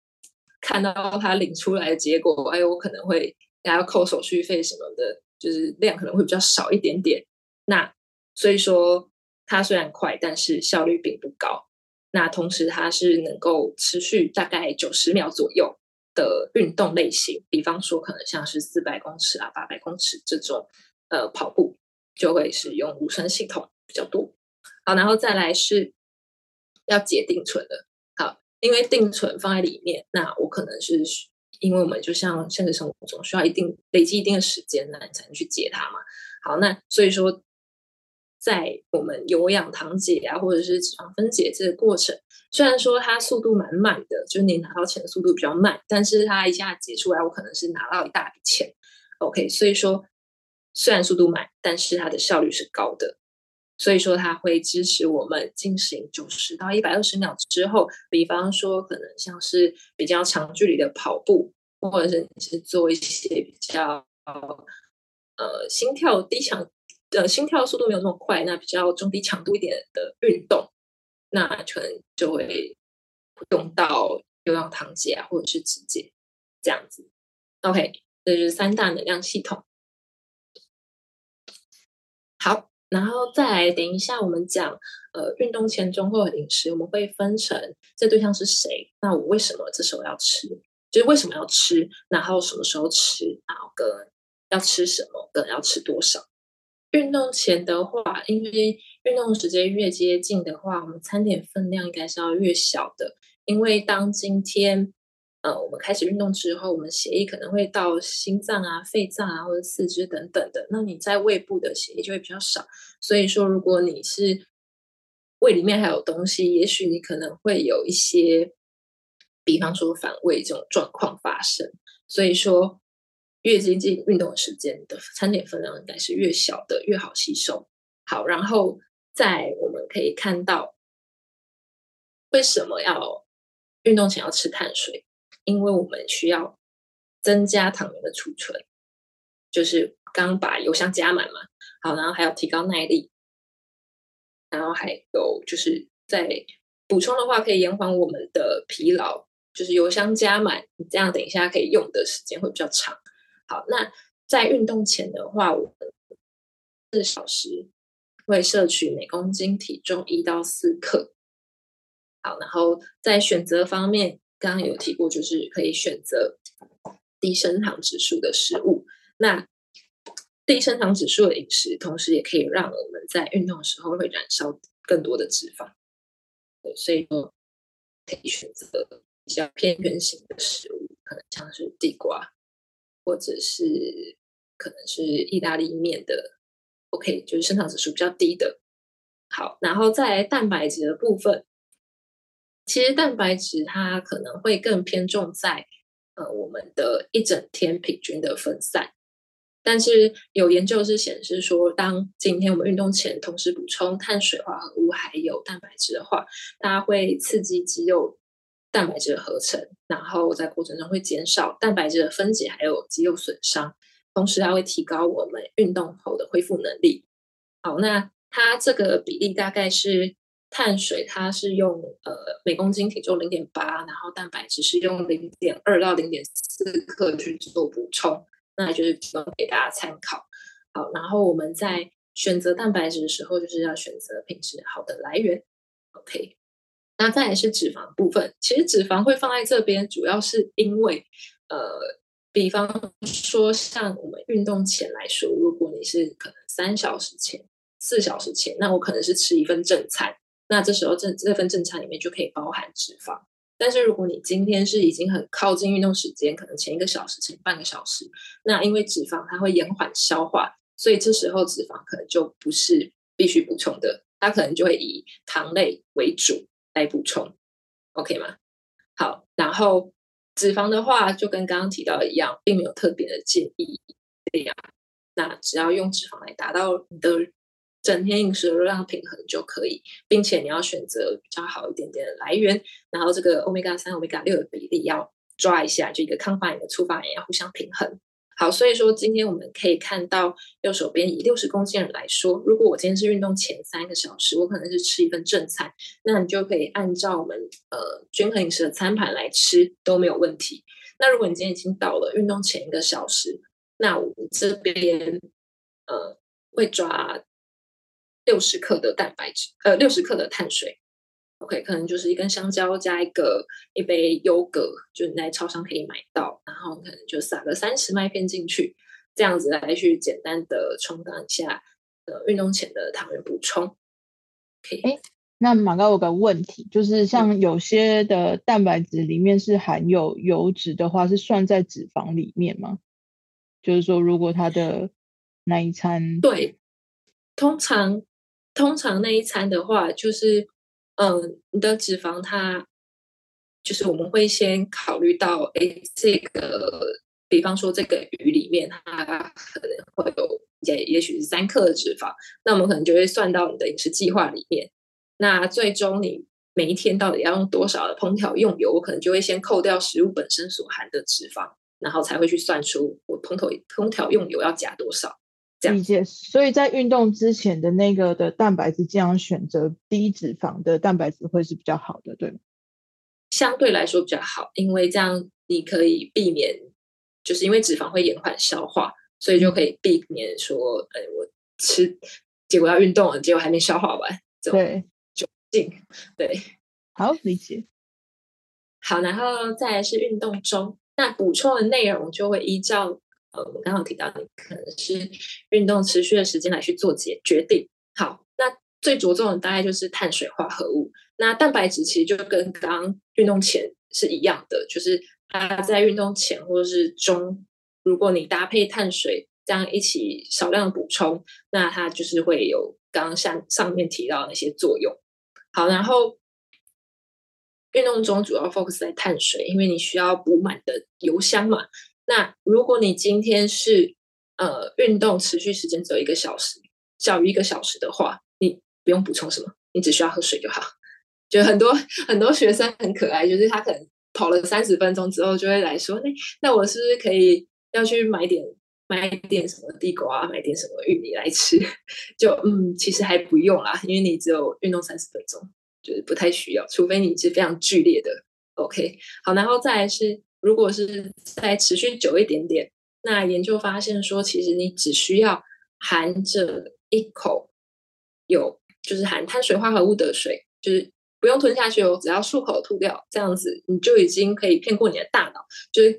看到他領出來的結果，哎呦，我可能會還要扣手續費什麼的，就是量可能會比較少一點點。那所以說，它雖然快，但是效率並不高。那同時，它是能夠持續大概九十秒左右的運動類型，比方說可能像是四百公尺啊、八百公尺這種，呃，跑步就會使用乳酸系統比較多。好，然後再來是要解定存的。因為定存放在裡面，那我可能是因為我們就像現實生活中需要一定累積一定的時間，那你才能去解它嘛。好，那所以說，在我們有氧糖解啊，或者是脂肪分解這個過程，雖然說它速度蠻慢的，就是你拿到錢的速度比較慢，但是它一下解出來，我可能是拿到一大筆錢。OK，所以說雖然速度慢，但是它的效率是高的。所以說，它會支持我們進行九十到一百二十秒之後，比方說，可能像是比較長距離的跑步，或者是，你是做一些比較呃心跳低強的，呃、心跳速度沒有那麼快，那比較中低強度一點的運動，那可能就會用到有氧糖解啊，或者是直接這樣子。OK，這是三大能量系統。好。然後再來等一下，我們講呃運動前、中、後的飲食，我們會分成這對象是誰？那我為什麼這時候要吃？就是為什麼要吃？然後什麼時候吃？然後跟要吃什麼？跟要吃多少？運動前的話，因為運動時間越接近的話，我們餐點分量應該是要越小的，因為當今天。呃，我們開始運動之後，我們血液可能會到心臟啊、肺臟啊或者四肢等等的。那你在胃部的血液就會比較少，所以說如果你是胃裡面還有東西，也許你可能會有一些，比方說反胃這種狀況發生。所以說，越接近運動時間的餐點分量應該是越小的，越好吸收。好，然後在我們可以看到，為什麼要運動前要吃碳水？因為我們需要增加糖原的儲存，就是剛把油箱加滿嘛，好，然後還有提高耐力，然後還有就是在補充的話，可以延緩我們的疲勞，就是油箱加滿，這樣等一下可以用的時間會比較長。好，那在運動前的話，我們四小時會攝取每公斤體重一到四克。好，然後在選擇方面。剛剛有提過，就是可以選擇低升糖指數的食物。那低升糖指數的飲食，同時也可以讓我們在運動的時候會燃燒更多的脂肪。對，所以說可以選擇比較偏原型的食物，可能像是地瓜，或者是可能是意大利麵的。OK，就是升糖指數比較低的。好，然後在蛋白質的部分。其實蛋白質它可能會更偏重在呃我們的一整天平均的分散，但是有研究是顯示說，當今天我們運動前同時補充碳水化合物還有蛋白質的話，它會刺激肌肉蛋白質的合成，然後在過程中會減少蛋白質的分解，還有肌肉損傷，同時它會提高我們運動後的恢復能力。好，那它這個比例大概是？碳水它是用呃每公斤體重零點八，然後蛋白質是用零點二到零點四克去做補充，那也就是主要給大家參考。好，然後我們在選擇蛋白質的時候，就是要選擇品質好的來源。OK，那再來是脂肪部分，其實脂肪會放在這邊，主要是因為呃，比方說像我們運動前來說，如果你是可能三小時前、四小時前，那我可能是吃一份正餐。那這時候正這，這份正餐裡面就可以包含脂肪，但是如果你今天是已經很靠近運動時間，可能前一個小時、前半個小時，那因為脂肪它會延緩消化，所以這時候脂肪可能就不是必須補充的，它可能就會以糖類為主來補充，OK 嗎？好，然後脂肪的話就跟剛剛提到的一樣，並沒有特別的建議這樣，那只要用脂肪來達到你的。整天飲食的熱量平衡就可以，並且你要選擇比較好一點點的來源，然後這個歐米伽三、歐米伽六的比例要抓一下，就一個抗發炎的觸、促發炎要互相平衡。好，所以說今天我們可以看到，右手邊以六十公斤人來說，如果我今天是運動前三個小時，我可能是吃一份正餐，那你就可以按照我們呃均衡飲食的餐盤來吃都沒有問題。那如果你今天已經到了運動前一個小時，那我這邊呃會抓。六十克的蛋白質，呃，六十克的碳水，OK，可能就是一根香蕉加一個一杯優格，就你在超商可以買到，然後可能就撒個三十麥片進去，這樣子來去簡單的充當一下呃運動前的糖原補充。哎，OK，那馬哥有個問題，就是像有些的蛋白質裡面是含有油脂的話，是算在脂肪裡面嗎？就是說，如果它的那一餐對，通常。通常那一餐的話，就是，嗯，你的脂肪它就是我們會先考慮到，哎，這個比方說這個魚裡面它可能會有也也許是三克的脂肪，那我們可能就會算到你的飲食計劃裡面。那最終你每一天到底要用多少的烹調用油，我可能就會先扣掉食物本身所含的脂肪，然後才會去算出我烹調烹調用油要加多少。理解，所以在運動之前的那個的蛋白質，這樣選擇低脂肪的蛋白質會是比較好的，對嗎？相對來說比較好，因為這樣你可以避免，就是因為脂肪會延緩消化，所以就可以避免說，呃，我吃，結果要運動了，結果還沒消化完，這種窘境。對，好理解。好，然後再來是運動中，那補充的內容就會依照。呃、嗯，我剛剛提到你可能是運動持續的時間來去做決決定。好，那最着重的大概就是碳水化合物。那蛋白質其實就跟剛剛運動前是一樣的，就是它在運動前或是中，如果你搭配碳水這樣一起少量補充，那它就是會有剛剛上上面提到的那些作用。好，然後運動中主要 focus 在碳水，因為你需要補滿的油箱嘛。那如果你今天是呃運動持續時間只有一個小時，小於一個小時的話，你不用補充什麼，你只需要喝水就好。就很多很多學生很可愛，就是他可能跑了三十分鐘之後，就會來說：那那我是不是可以要去買點買點什麼地瓜，買點什麼玉米來吃？就嗯，其實還不用啦，因為你只有運動三十分鐘，就是不太需要，除非你是非常劇烈的。OK，好，然後再來是。如果是再持續久一點點，那研究發現說，其實你只需要含着一口有，就是含碳水化合物的水，就是不用吞下去哦，只要漱口吐掉，這樣子你就已經可以騙過你的大腦，就是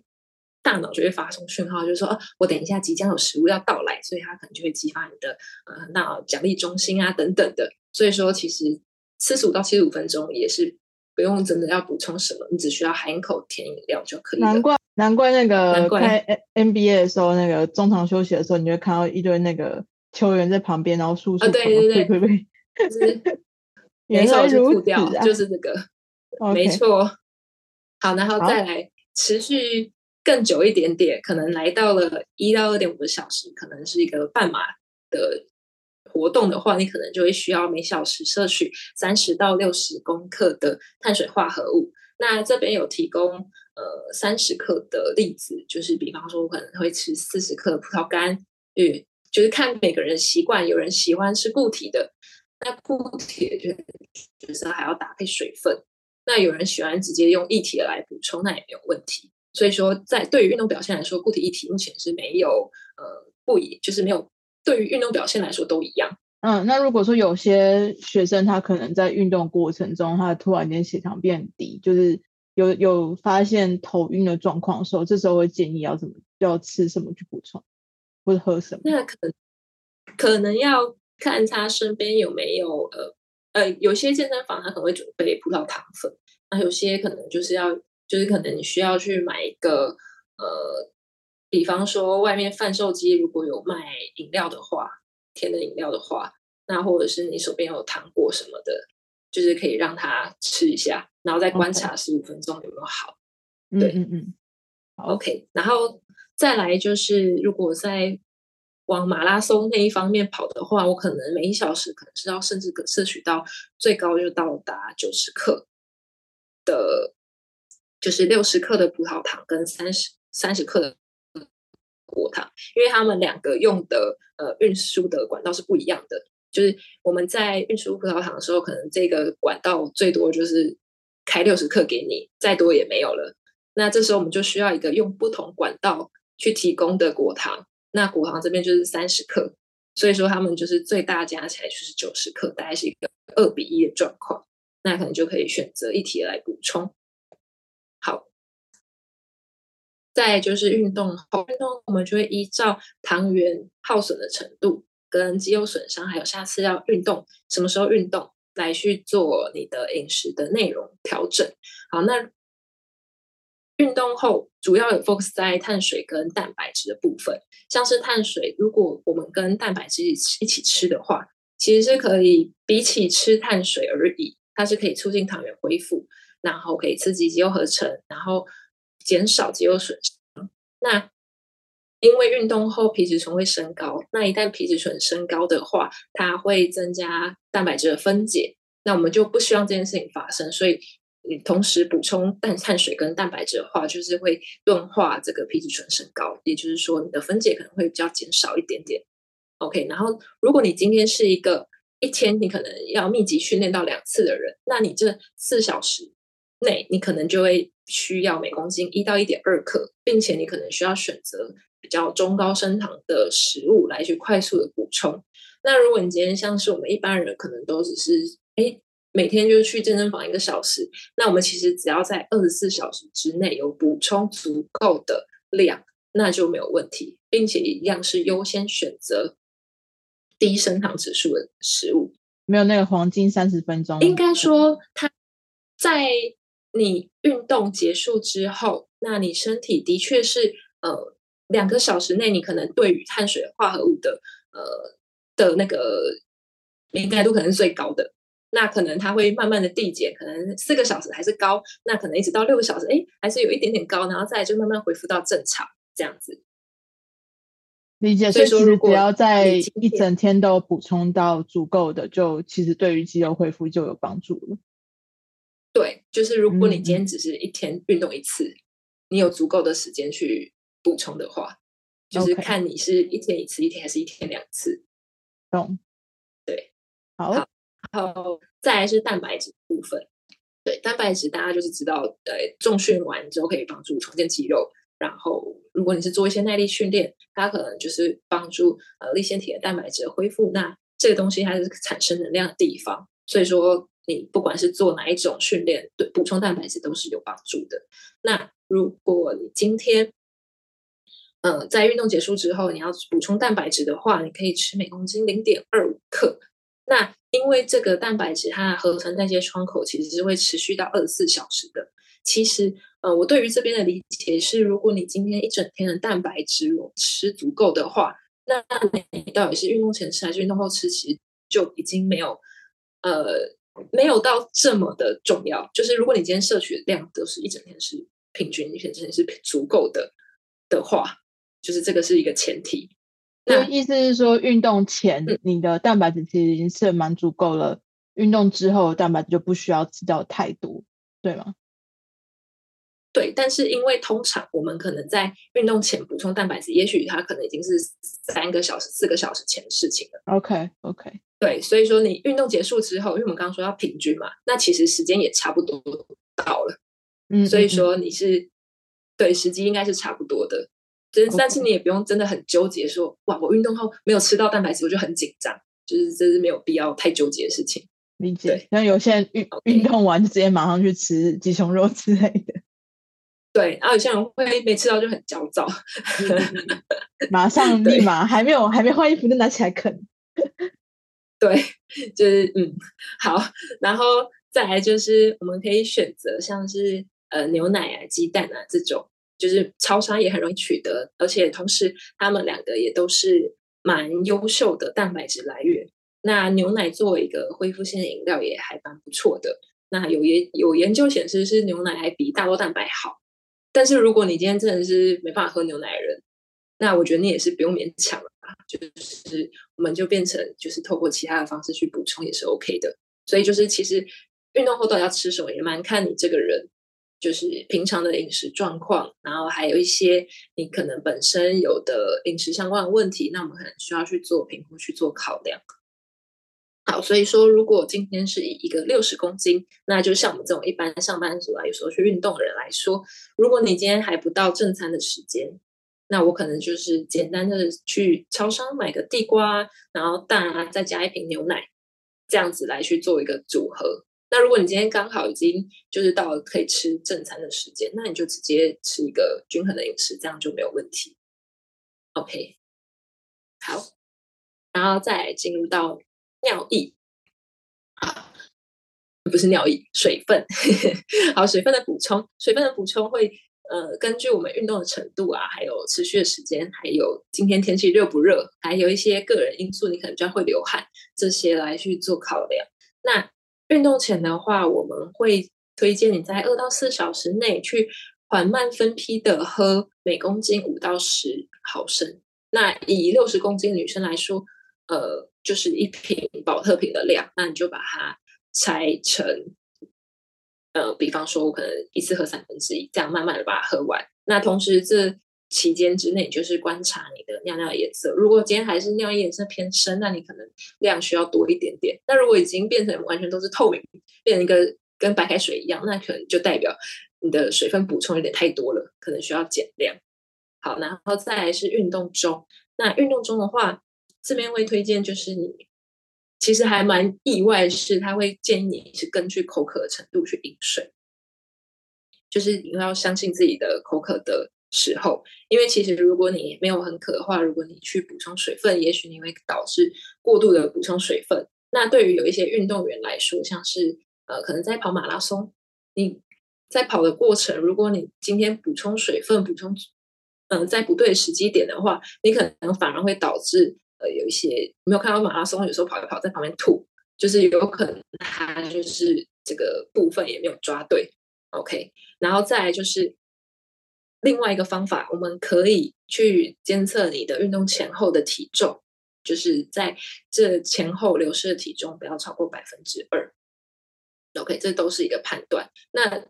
大腦就會發送訊號就，就是說我等一下即將有食物要到來，所以它可能就會激發你的呃那獎勵中心啊等等的。所以說，其實四十五到七十五分鐘也是。不用真的要補充什麼，你只需要含一口甜飲料就可以了。難怪難怪那個 NBA 的時候，那個中場休息的時候，你就會看到一堆那個球員在旁邊，然後數，着。對對對對對 、就是，吐掉，原來如此、啊，就是這個，Okay. 沒錯。好，然後再來持續更久一點點，可能來到了一到二點五個小時，可能是一個半馬的。活動的話，你可能就會需要每小時攝取三十到六十公克的碳水化合物。那這邊有提供呃三十克的例子，就是比方說我可能會吃四十克的葡萄乾，嗯，就是看每個人習慣，有人喜歡吃固體的，那固體就是還要搭配水分。那有人喜歡直接用液體來補充，那也沒有問題。所以說在，在對於運動表現來說，固體液體目前是沒有呃不以就是沒有。對於運動表現來說都一樣。嗯，那如果說有些學生他可能在運動過程中，他突然間血糖變低，就是有有發現頭暈的狀況的時候，這時候會建議要怎麼要吃什麼去補充，或者喝什麼？那可可能要看他身邊有沒有呃呃，有些健身房他可能會準備葡萄糖粉，那，啊，有些可能就是要就是可能你需要去買一個呃。比方說，外面販售機如果有賣飲料的話，甜的飲料的話，那或者是你手邊有糖果什麼的，就是可以讓他吃一下，然後再觀察十五分鐘有沒有好。Okay. 對，嗯，嗯嗯。OK，然後再來就是，如果在往馬拉松那一方面跑的話，我可能每一小時可能是要甚至可攝取到最高就到達九十克的，就是六十克的葡萄糖跟三十三十克的。果糖，因為他們兩個用的呃運輸的管道是不一樣的，就是我們在運輸葡萄糖的時候，可能這個管道最多就是開六十克給你，再多也沒有了。那這時候我們就需要一個用不同管道去提供的果糖，那果糖這邊就是三十克，所以說他們就是最大加起來就是九十克，大概是一個二比一的狀況，那可能就可以選擇一題來補充，好。再就是運動後，運動後我們就會依照糖原耗損的程度、跟肌肉損傷，還有下次要運動什麼時候運動，來去做你的飲食的內容調整。好，那運動後主要有 focus 在碳水跟蛋白質的部分。像是碳水，如果我們跟蛋白質一起吃的話，其實是可以比起吃碳水而已，它是可以促進糖原恢復，然後可以刺激肌肉合成，然後。減少肌肉損傷。那因為運動後皮質醇會升高，那一旦皮質醇升高的話，它會增加蛋白質的分解。那我們就不希望這件事情發生，所以你同時補充蛋、碳水跟蛋白質的話，就是會鈍化這個皮質醇升高。也就是說，你的分解可能會比較減少一點點。OK，然後如果你今天是一個一天你可能要密集訓練到兩次的人，那你這四小時。你可能就會需要每公斤一到一點二克，並且你可能需要選擇比較中高升糖的食物來去快速的補充。那如果你今天像是我們一般人，可能都只是誒、欸、每天就去健身房一個小時，那我們其實只要在二十四小時之內有補充足夠的量，那就沒有問題，並且一樣是優先選擇低升糖指數的食物。沒有那個黃金三十分鐘，應該說它在。你運動結束之後，那你身體的確是呃，兩個小時內你可能對於碳水化合物的呃的那個敏感度可能是最高的。那可能它會慢慢的遞減，可能四個小時還是高，那可能一直到六個小時，哎，還是有一點點高，然後再就慢慢恢復到正常這樣子。理解。所以說，如果要在一整天都補充到足夠的、嗯，就其實對於肌肉恢復就有幫助了。對，就是如果你今天只是一天運動一次，嗯、你有足夠的時間去補充的話，okay. 就是看你是一天一次、一天還是一天兩次。懂，對，好，好，再來是蛋白質部分。對，蛋白質大家就是知道，對、呃，重訓完之後可以幫助重建肌肉。然後，如果你是做一些耐力訓練，它可能就是幫助呃粒線體的蛋白質恢復。那這個東西它是產生能量的地方，所以說。你不管是做哪一種訓練，對補充蛋白質都是有幫助的。那如果你今天，嗯、呃，在運動結束之後，你要補充蛋白質的話，你可以吃每公斤零點二五克。那因為這個蛋白質它的合成代謝窗口其實是會持續到二十四小時的。其實，呃，我對於這邊的理解是，如果你今天一整天的蛋白質我吃足夠的話，那你到底是運動前吃還是運動後吃，其實就已經沒有，呃。沒有到這麼的重要，就是如果你今天攝取的量都是一整天是平均，一整天是足夠的的話，就是這個是一個前提。那意思是說，運動前你的蛋白質其實已經是蠻足夠了，嗯，運動之後的蛋白質就不需要吃到太多，對嗎？對，但是因為通常我們可能在運動前補充蛋白質，也許它可能已經是三個小時、四個小時前的事情了。OK，OK、okay, okay.。對，所以說你運動結束之後，因為我們剛剛說要平均嘛，那其實時間也差不多到了。嗯，所以說你是對時機應該是差不多的，嗯。但是你也不用真的很糾結說，說、okay. 哇，我運動後沒有吃到蛋白質，我就很緊張，就是這是沒有必要太糾結的事情。理解。像有些人運運動完就直接馬上去吃雞胸肉之類的。對，然、啊、後有些人會沒吃到就很焦躁， 馬上立馬還沒有還沒換衣服就拿起來啃。對，就是嗯，好，然後再來就是我們可以選擇像是呃牛奶啊、雞蛋啊這種，就是超商也很容易取得，而且同時他們兩個也都是蠻優秀的蛋白質來源。那牛奶作為一個恢復性的飲料也還蠻不錯的。那有研有研究顯示是牛奶還比大豆蛋白好，但是如果你今天真的是沒辦法喝牛奶的人。那我覺得你也是不用勉強了，就是我們就變成就是透過其他的方式去補充也是 OK 的。所以就是其實運動後到底要吃什麼，也蠻看你這個人，就是平常的飲食狀況，然後還有一些你可能本身有的飲食相關的問題，那我們可能需要去做評估去做考量。好，所以說如果今天是以一個六十公斤，那就像我們這種一般上班族啊，有時候去運動的人來說，如果你今天還不到正餐的時間。那我可能就是簡單的去超商買個地瓜，然後蛋啊，再加一瓶牛奶，這樣子來去做一個組合。那如果你今天剛好已經就是到了可以吃正餐的時間，那你就直接吃一個均衡的飲食，這樣就沒有問題。OK，好，然後再進入到尿液，啊，不是尿液，水分， 好，水分的補充，水分的補充會。呃，根據我們運動的程度啊，還有持續的時間，還有今天天氣熱不熱，還有一些個人因素，你可能就會流汗這些來去做考量。那運動前的話，我們會推薦你在二到四小時內去緩慢分批的喝每公斤五到十毫升。那以六十公斤女生來說，呃，就是一瓶寶特瓶的量，那你就把它拆成。呃，比方說，我可能一次喝三分之一，這樣慢慢的把它喝完。那同時，這期間之內就是觀察你的尿尿的顏色。如果今天還是尿液顏色偏深，那你可能量需要多一點點。那如果已經變成完全都是透明，變成一個跟白開水一樣，那可能就代表你的水分補充有點太多了，可能需要減量。好，然後再來是運動中。那運動中的話，這邊會推薦就是你。其實還蠻意外，是他會建議你是根據口渴的程度去飲水，就是你要相信自己的口渴的時候。因為其實如果你沒有很渴的話，如果你去補充水分，也許你會導致過度的補充水分。那對於有一些運動員來說，像是呃，可能在跑馬拉松，你在跑的過程，如果你今天補充水分，補充嗯、呃，在不對時機點的話，你可能反而會導致。有一些有沒有看到馬拉松，有時候跑一跑在旁邊吐，就是有可能他就是這個部分也沒有抓對。OK，然後再來就是另外一個方法，我們可以去監測你的運動前後的體重，就是在這前後流失的體重不要超過百分之二。OK，這都是一個判斷。那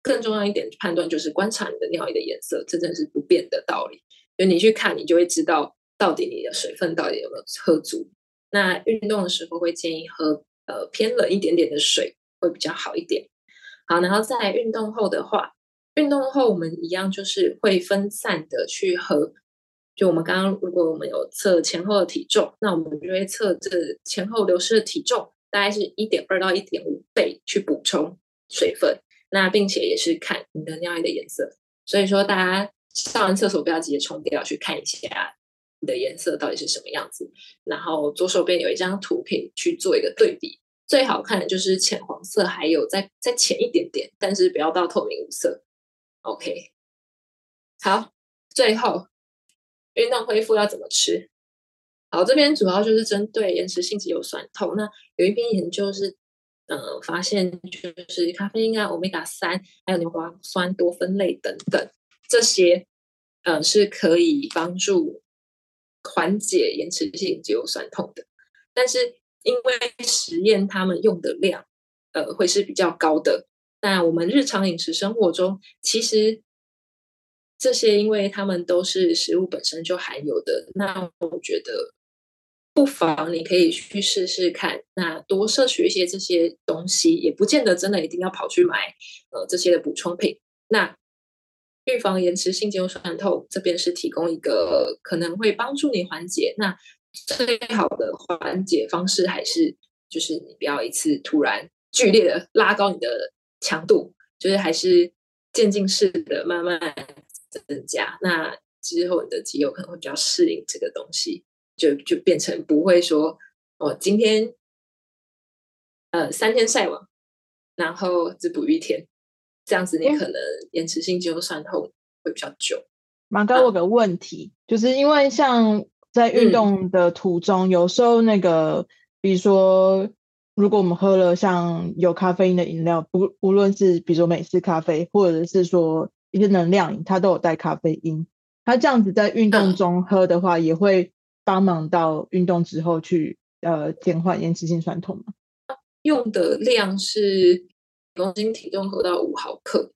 更重要一點判斷就是觀察你的尿液的顏色，這真是不變的道理。就你去看，你就會知道。到底你的水分到底有沒有喝足？那運動的時候會建議喝呃偏冷一點點的水會比較好一點。好，然後在運動後的話，運動後我們一樣就是會分散的去喝。就我們剛剛如果我們有測前後的體重，那我們就會測這前後流失的體重，大概是一點二到一點五倍去補充水分。那並且也是看你的尿液的顏色，所以說大家上完廁所不要急着沖掉，去看一下。的顏色到底是什麼樣子？然後左手邊有一張圖可以去做一個對比，最好看的就是淺黃色，還有再再淺一點點，但是不要到透明無色。OK，好，最後運動恢復要怎麼吃？好，這邊主要就是針對延遲性肌肉酸痛。那有一篇研究是，嗯、呃，發現就是咖啡因啊、歐米伽三，還有牛磺酸，多酚類等等這些，嗯、呃，是可以幫助。緩解延遲性肌肉痠痛的，但是因為實驗他們用的量，呃，會是比較高的。那我們日常飲食生活中，其實這些，因為他們都是食物本身就含有的。那我覺得，不妨你可以去試試看，那多攝取一些這些東西，也不見得真的一定要跑去買，呃，這些的補充品。那。預防延遲性肌肉痠痛，這邊是提供一個可能會幫助你緩解。那最好的緩解方式還是就是你不要一次突然劇烈的拉高你的強度，就是還是漸進式的慢慢增加。那之後你的肌肉可能會比較適應這個東西，就就變成不會說哦，今天呃三天曬網，然後只補一天。這樣子你可能延遲性肌肉痠痛會比較久。馬嘎，我有個問題，啊，就是因為像在運動的途中，嗯，有時候那個，比如說，如果我們喝了像有咖啡因的飲料，不無論是比如說美式咖啡，或者是說一些能量飲，它都有帶咖啡因。它這樣子在運動中喝的話，啊，也會幫忙到運動之後去呃減緩延遲性痠痛嗎？用的量是。公斤體重喝到五毫克，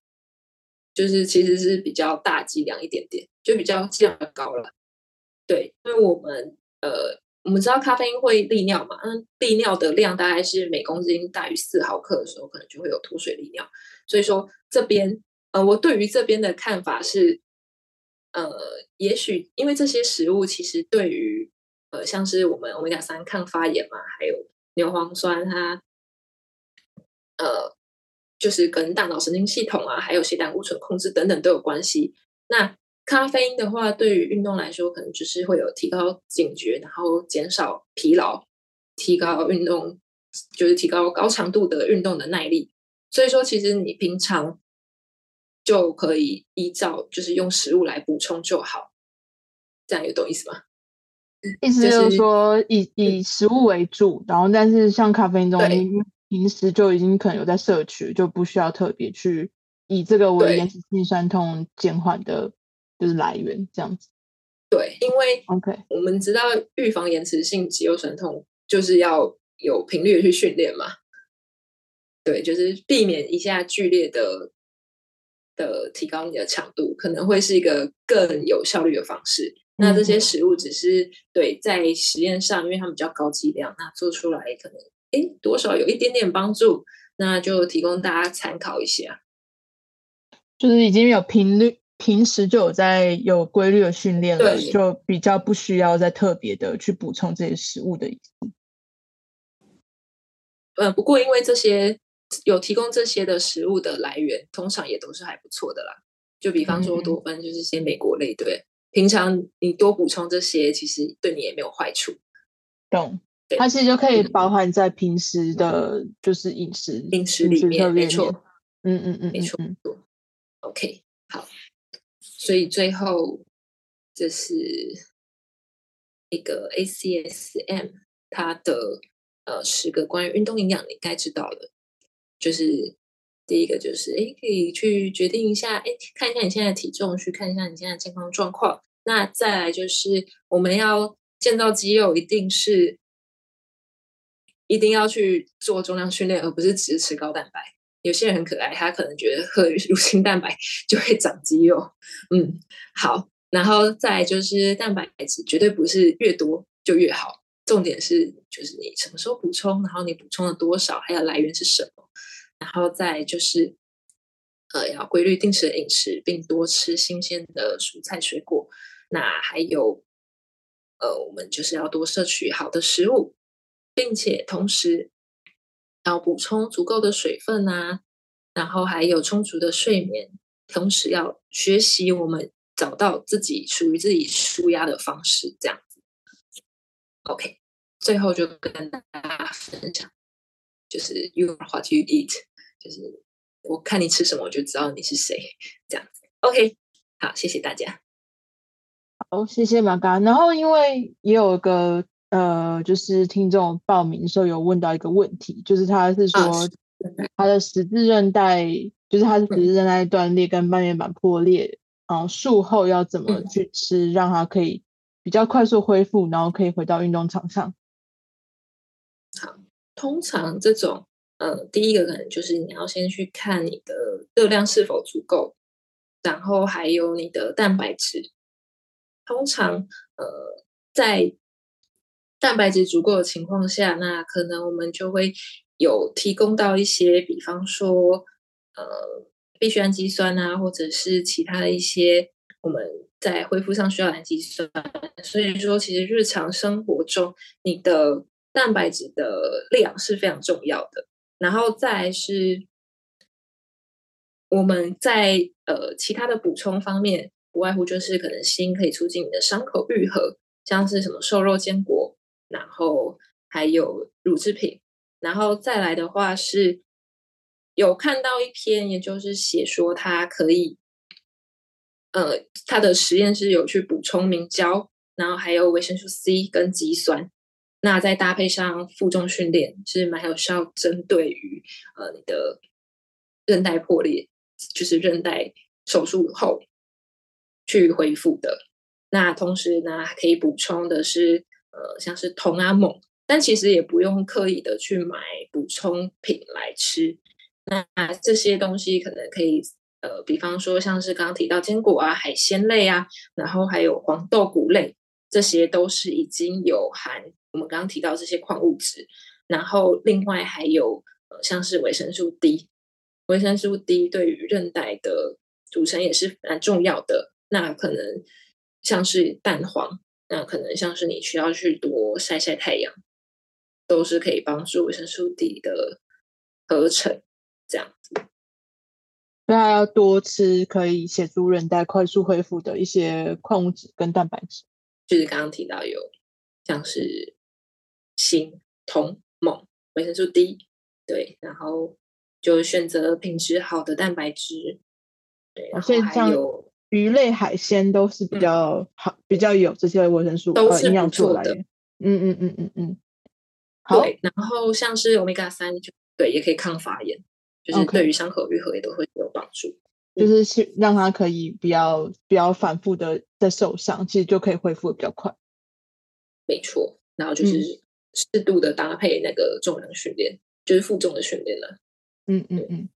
就是其實是比較大劑量一點點，就比較劑量高了。對，因為我們呃，我們知道咖啡因會利尿嘛，嗯，利尿的量大概是每公斤大於四毫克的時候，可能就會有脫水利尿。所以說這邊，呃，我對於這邊的看法是，呃，也許因為這些食物其實對於呃，像是我們我們講 Omega 三抗發炎嘛，還有牛磺酸它、啊，呃。就是跟大腦神經系統啊，還有些膽固醇控制等等都有關係。那咖啡因的話，對於運動來說，可能就是會有提高警覺，然後減少疲勞，提高運動，就是提高高強度的運動的耐力。所以說，其實你平常就可以依照就是用食物來補充就好。這樣有懂意思嗎？意思就是說、就是、以以食物為主，然後但是像咖啡因這種。平時就已經可能有在攝取，就不需要特別去以這個為延遲性酸痛減緩的，就是來源這樣子。對，因為 OK，我們知道預防延遲性肌肉酸痛，就是要有頻率的去訓練嘛。對，就是避免一下劇烈的的提高你的強度，可能會是一個更有效率的方式。嗯。那這些食物只是對，在實驗上，因為它們比較高劑量，那做出來可能。哎，多少有一點點幫助，那就提供大家參考一下。就是已經有頻率，平時就有在有規律的訓練了，就比較不需要再特別的去補充這些食物的。嗯，不過因為這些有提供這些的食物的來源，通常也都是還不錯的啦。就比方說多酚就是些莓果類，嗯嗯，對，平常你多補充這些，其實對你也沒有壞處。懂。它其實就可以包含在平時的，就是飲食、飲、嗯、食，食裡面，沒錯。嗯，嗯嗯嗯，沒錯。OK，好。所以最後就是那個 ACSM 它的呃十個關於運動營養你應該知道的，就是第一個就是誒，可、欸、以去決定一下，誒、欸，看一下你現在的體重，去看一下你現在健康狀況。那再來就是我們要建造肌肉，一定是。一定要去做重量訓練，而不是只吃高蛋白。有些人很可愛，他可能覺得喝乳清蛋白就會長肌肉。嗯，好，然後再就是蛋白質絕對不是越多就越好，重點是就是你什麼時候補充，然後你補充了多少，還有來源是什麼。然後再就是呃，要規律定時的飲食，並多吃新鮮的蔬菜水果。那還有呃，我們就是要多攝取好的食物。並且同時要補充足夠的水分啊，然後還有充足的睡眠，同時要學習我們找到自己屬於自己舒壓的方式，這樣子。OK，最後就跟大家分享，就是 You are what you eat，就是我看你吃什麼，我就知道你是誰，這樣子。OK，好，謝謝大家。好，謝謝馬嘎，然後因為也有個。呃，就是聽眾報名的時候有問到一個問題，就是他是說他的十字韌帶，就是他的十字韌帶斷裂跟半月板破裂，然後術後要怎麼去吃，讓他可以比較快速恢復，然後可以回到運動場上。好，通常這種，呃，第一個可能就是你要先去看你的熱量是否足夠，然後還有你的蛋白質。通常，呃，在蛋白質足夠的情況下，那可能我們就會有提供到一些，比方說，呃，必需氨基酸啊，或者是其他的一些我們在恢復上需要氨基酸。所以說，其實日常生活中你的蛋白質的量是非常重要的。然後再來是我們在呃，其他的補充方面，不外乎就是可能鋅可以促進你的傷口癒合，像是什麼瘦肉、堅果。然後還有乳製品，然後再來的話是有看到一篇，也就是寫說它可以，呃，它的實驗是有去補充明膠，然後還有維生素 C 跟肌酸，那再搭配上負重訓練是蠻有效，針對於呃你的韌帶破裂，就是韌帶手術後去恢復的。那同時呢，還可以補充的是。呃，像是銅啊、錳，但其實也不用刻意的去買補充品來吃。那，啊，這些東西可能可以，呃，比方說像是剛剛提到堅果啊、海鮮類啊，然後還有黃豆谷類，這些都是已經有含我們剛剛提到這些礦物質。然後另外還有，呃，像是維生素 D，維生素 D 對於韌帶的組成也是蠻重要的。那可能像是蛋黃。那可能像是你需要去多曬曬太陽，都是可以幫助維生素 D 的合成這樣子。那要多吃可以協助韌帶快速恢復的一些礦物質跟蛋白質，就是剛剛提到有像是鋅、銅、錳、維生素 D，對，然後就選擇品質好的蛋白質，對，然後還有。魚類海鮮都是比較好，嗯、比較有這些維生素、營養、呃、素來的。嗯嗯嗯嗯嗯。好，然後像是 Omega 三，對，也可以抗發炎，就是對於傷口愈合也都會有幫助、okay. 嗯。就是讓它可以比較比較反復的在受傷，其實就可以恢復的比較快。沒錯，然後就是適度的搭配那個重量訓練、嗯，就是負重的訓練了。嗯嗯嗯，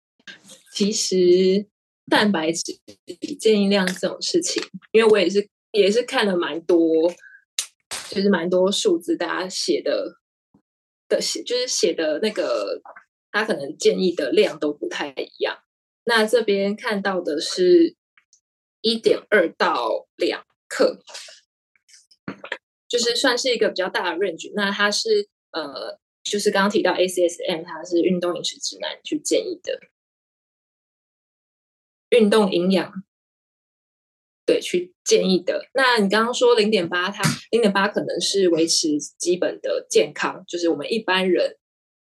其實。蛋白質建議量這種事情，因為我也是也是看了蠻多，其實蠻多數字，大家寫的的寫就是寫的那個，他可能建議的量都不太一樣。那這邊看到的是一點二到兩克，就是算是一個比較大的 range。那它是呃，就是剛剛提到 ACSM，它是運動飲食指南去建議的。運動營養，對，去建議的。那你剛剛說零點八，它零點八可能是維持基本的健康，就是我們一般人，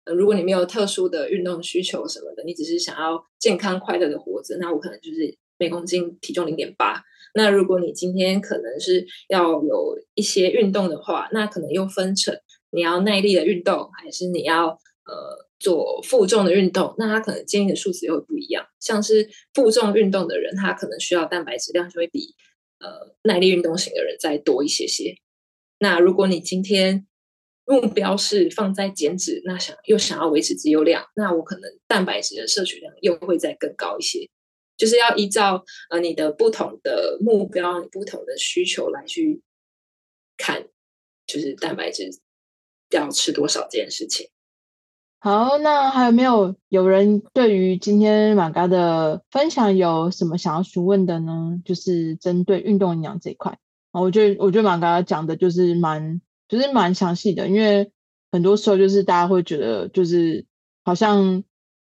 呃，如果你沒有特殊的運動需求什麼的，你只是想要健康快樂的活着，那我可能就是每公斤體重零點八。那如果你今天可能是要有一些運動的話，那可能又分成你要耐力的運動，還是你要呃。做負重的運動，那他可能建議的數值又不一樣。像是負重運動的人，他可能需要蛋白質量就會比呃耐力運動型的人再多一些些。那如果你今天目標是放在減脂，那想又想要維持肌肉量，那我可能蛋白質的攝取量又會再更高一些。就是要依照呃你的不同的目標、你不同的需求來去看，就是蛋白質要吃多少這件事情。好，那還有沒有有人對於今天馬嘎的分享有什麼想要詢問的呢？就是針對運動營養這一塊啊，我覺得我覺得馬嘎講的就是蠻就是蠻詳細的，因為很多時候就是大家會覺得就是好像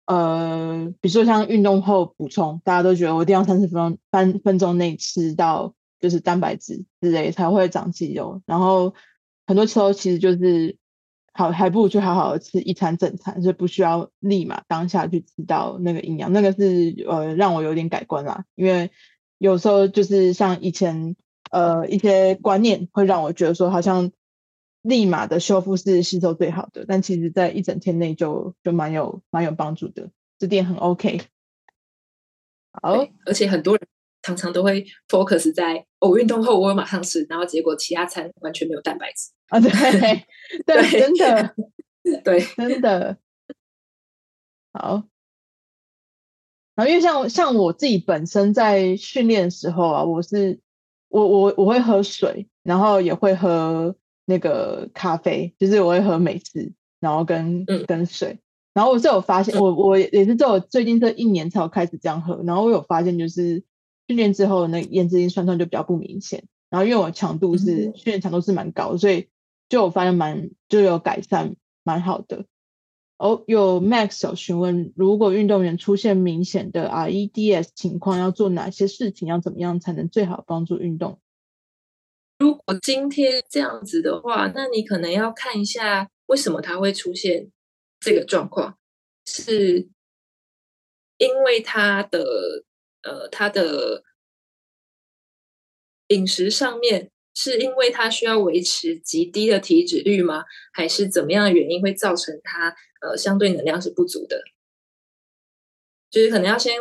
呃，比如說像運動後補充，大家都覺得我一定要三十分鐘半分鐘內吃到就是蛋白質之類才會長肌肉，然後很多時候其實就是。好，還不如去好好的吃一餐正餐，就不需要立馬當下去吃到那個營養，那個是呃讓我有點改觀啦。因為有時候就是像以前呃一些觀念會讓我覺得說好像立馬的修復是吸收最好的，但其實，在一整天內就就蠻有蠻有幫助的，這點很 OK。好，而且很多人。常常都會 focus 在、哦、我運動後，我會馬上吃，然後結果其他餐完全沒有蛋白質啊！對，對， 對，真的，對，真的。好，然後因為像像我自己本身在訓練的時候啊，我是我我我會喝水，然後也會喝那個咖啡，就是我會喝美式，然後跟、嗯、跟水。然後我是有發現，嗯、我我也是只有最近這一年才有開始這樣喝，然後我有發現就是。訓練之後，那延遲酸痛就比較不明顯。然後因為我強度是訓練強度是蠻高，所以就我發現蠻就有改善，蠻好的。哦，有 Max 有詢問，如果運動員出現明顯的 REDs 情況，要做哪些事情？要怎麼樣才能最好幫助運動？如果今天這樣子的話，那你可能要看一下為什麼他會出現這個狀況，是因為他的。呃，他的飲食上面是因為他需要維持極低的體脂率嗎？還是怎麼樣的原因會造成他呃相對能量是不足的？就是可能要先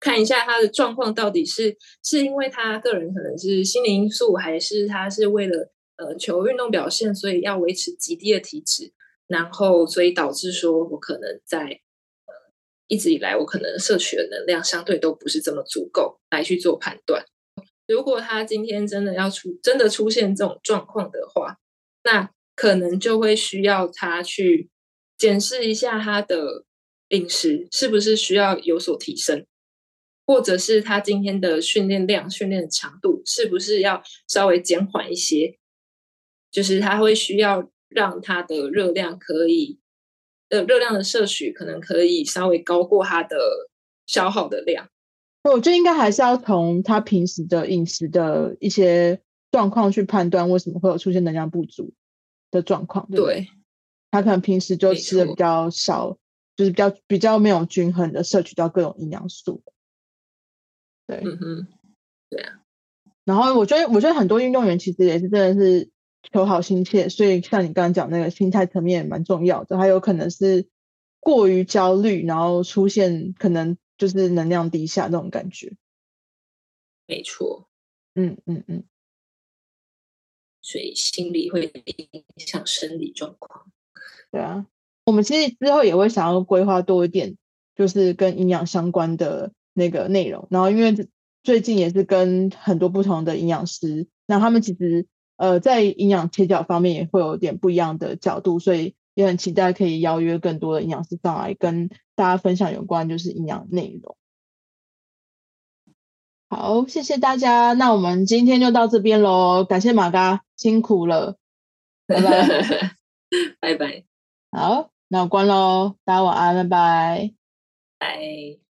看一下他的狀況到底是是因為他個人可能是心理因素，還是他是為了呃求運動表現，所以要維持極低的體脂，然後所以導致說我可能在。一直以來，我可能攝取的能量相對都不是這麼足夠來去做判斷。如果他今天真的要出，真的出現這種狀況的話，那可能就會需要他去檢視一下他的飲食是不是需要有所提升，或者是他今天的訓練量、訓練強度是不是要稍微減緩一些，就是他會需要讓他的熱量可以。呃，熱量的攝取可能可以稍微高過他的消耗的量。那我覺得應該還是要從他平時的飲食的一些狀況去判斷，為什麼會有出現能量不足的狀況。對，對他可能平時就吃的比較少，就是比較比較沒有均衡的攝取到各種營養素。對，嗯哼，對啊。然後我覺得，我覺得很多運動員其實也是真的是。求好心切，所以像你剛剛講那個心態層面也蠻重要的，還有可能是過於焦慮，然後出現可能就是能量低下那種感覺。沒錯，嗯嗯嗯，所以心理會影響生理狀況。對啊，我們其實之後也會想要規劃多一點，就是跟營養相關的那個內容。然後因為最近也是跟很多不同的營養師，然後他們其實。呃，在營養切角方面也會有點不一樣的角度，所以也很期待可以邀約更多的營養師上來跟大家分享有關，就是營養內容。好，謝謝大家，那我們今天就到這邊嘍，感謝馬嘎辛苦了，拜拜。 拜拜，好，那我關嘍，大家晚安，拜拜，拜。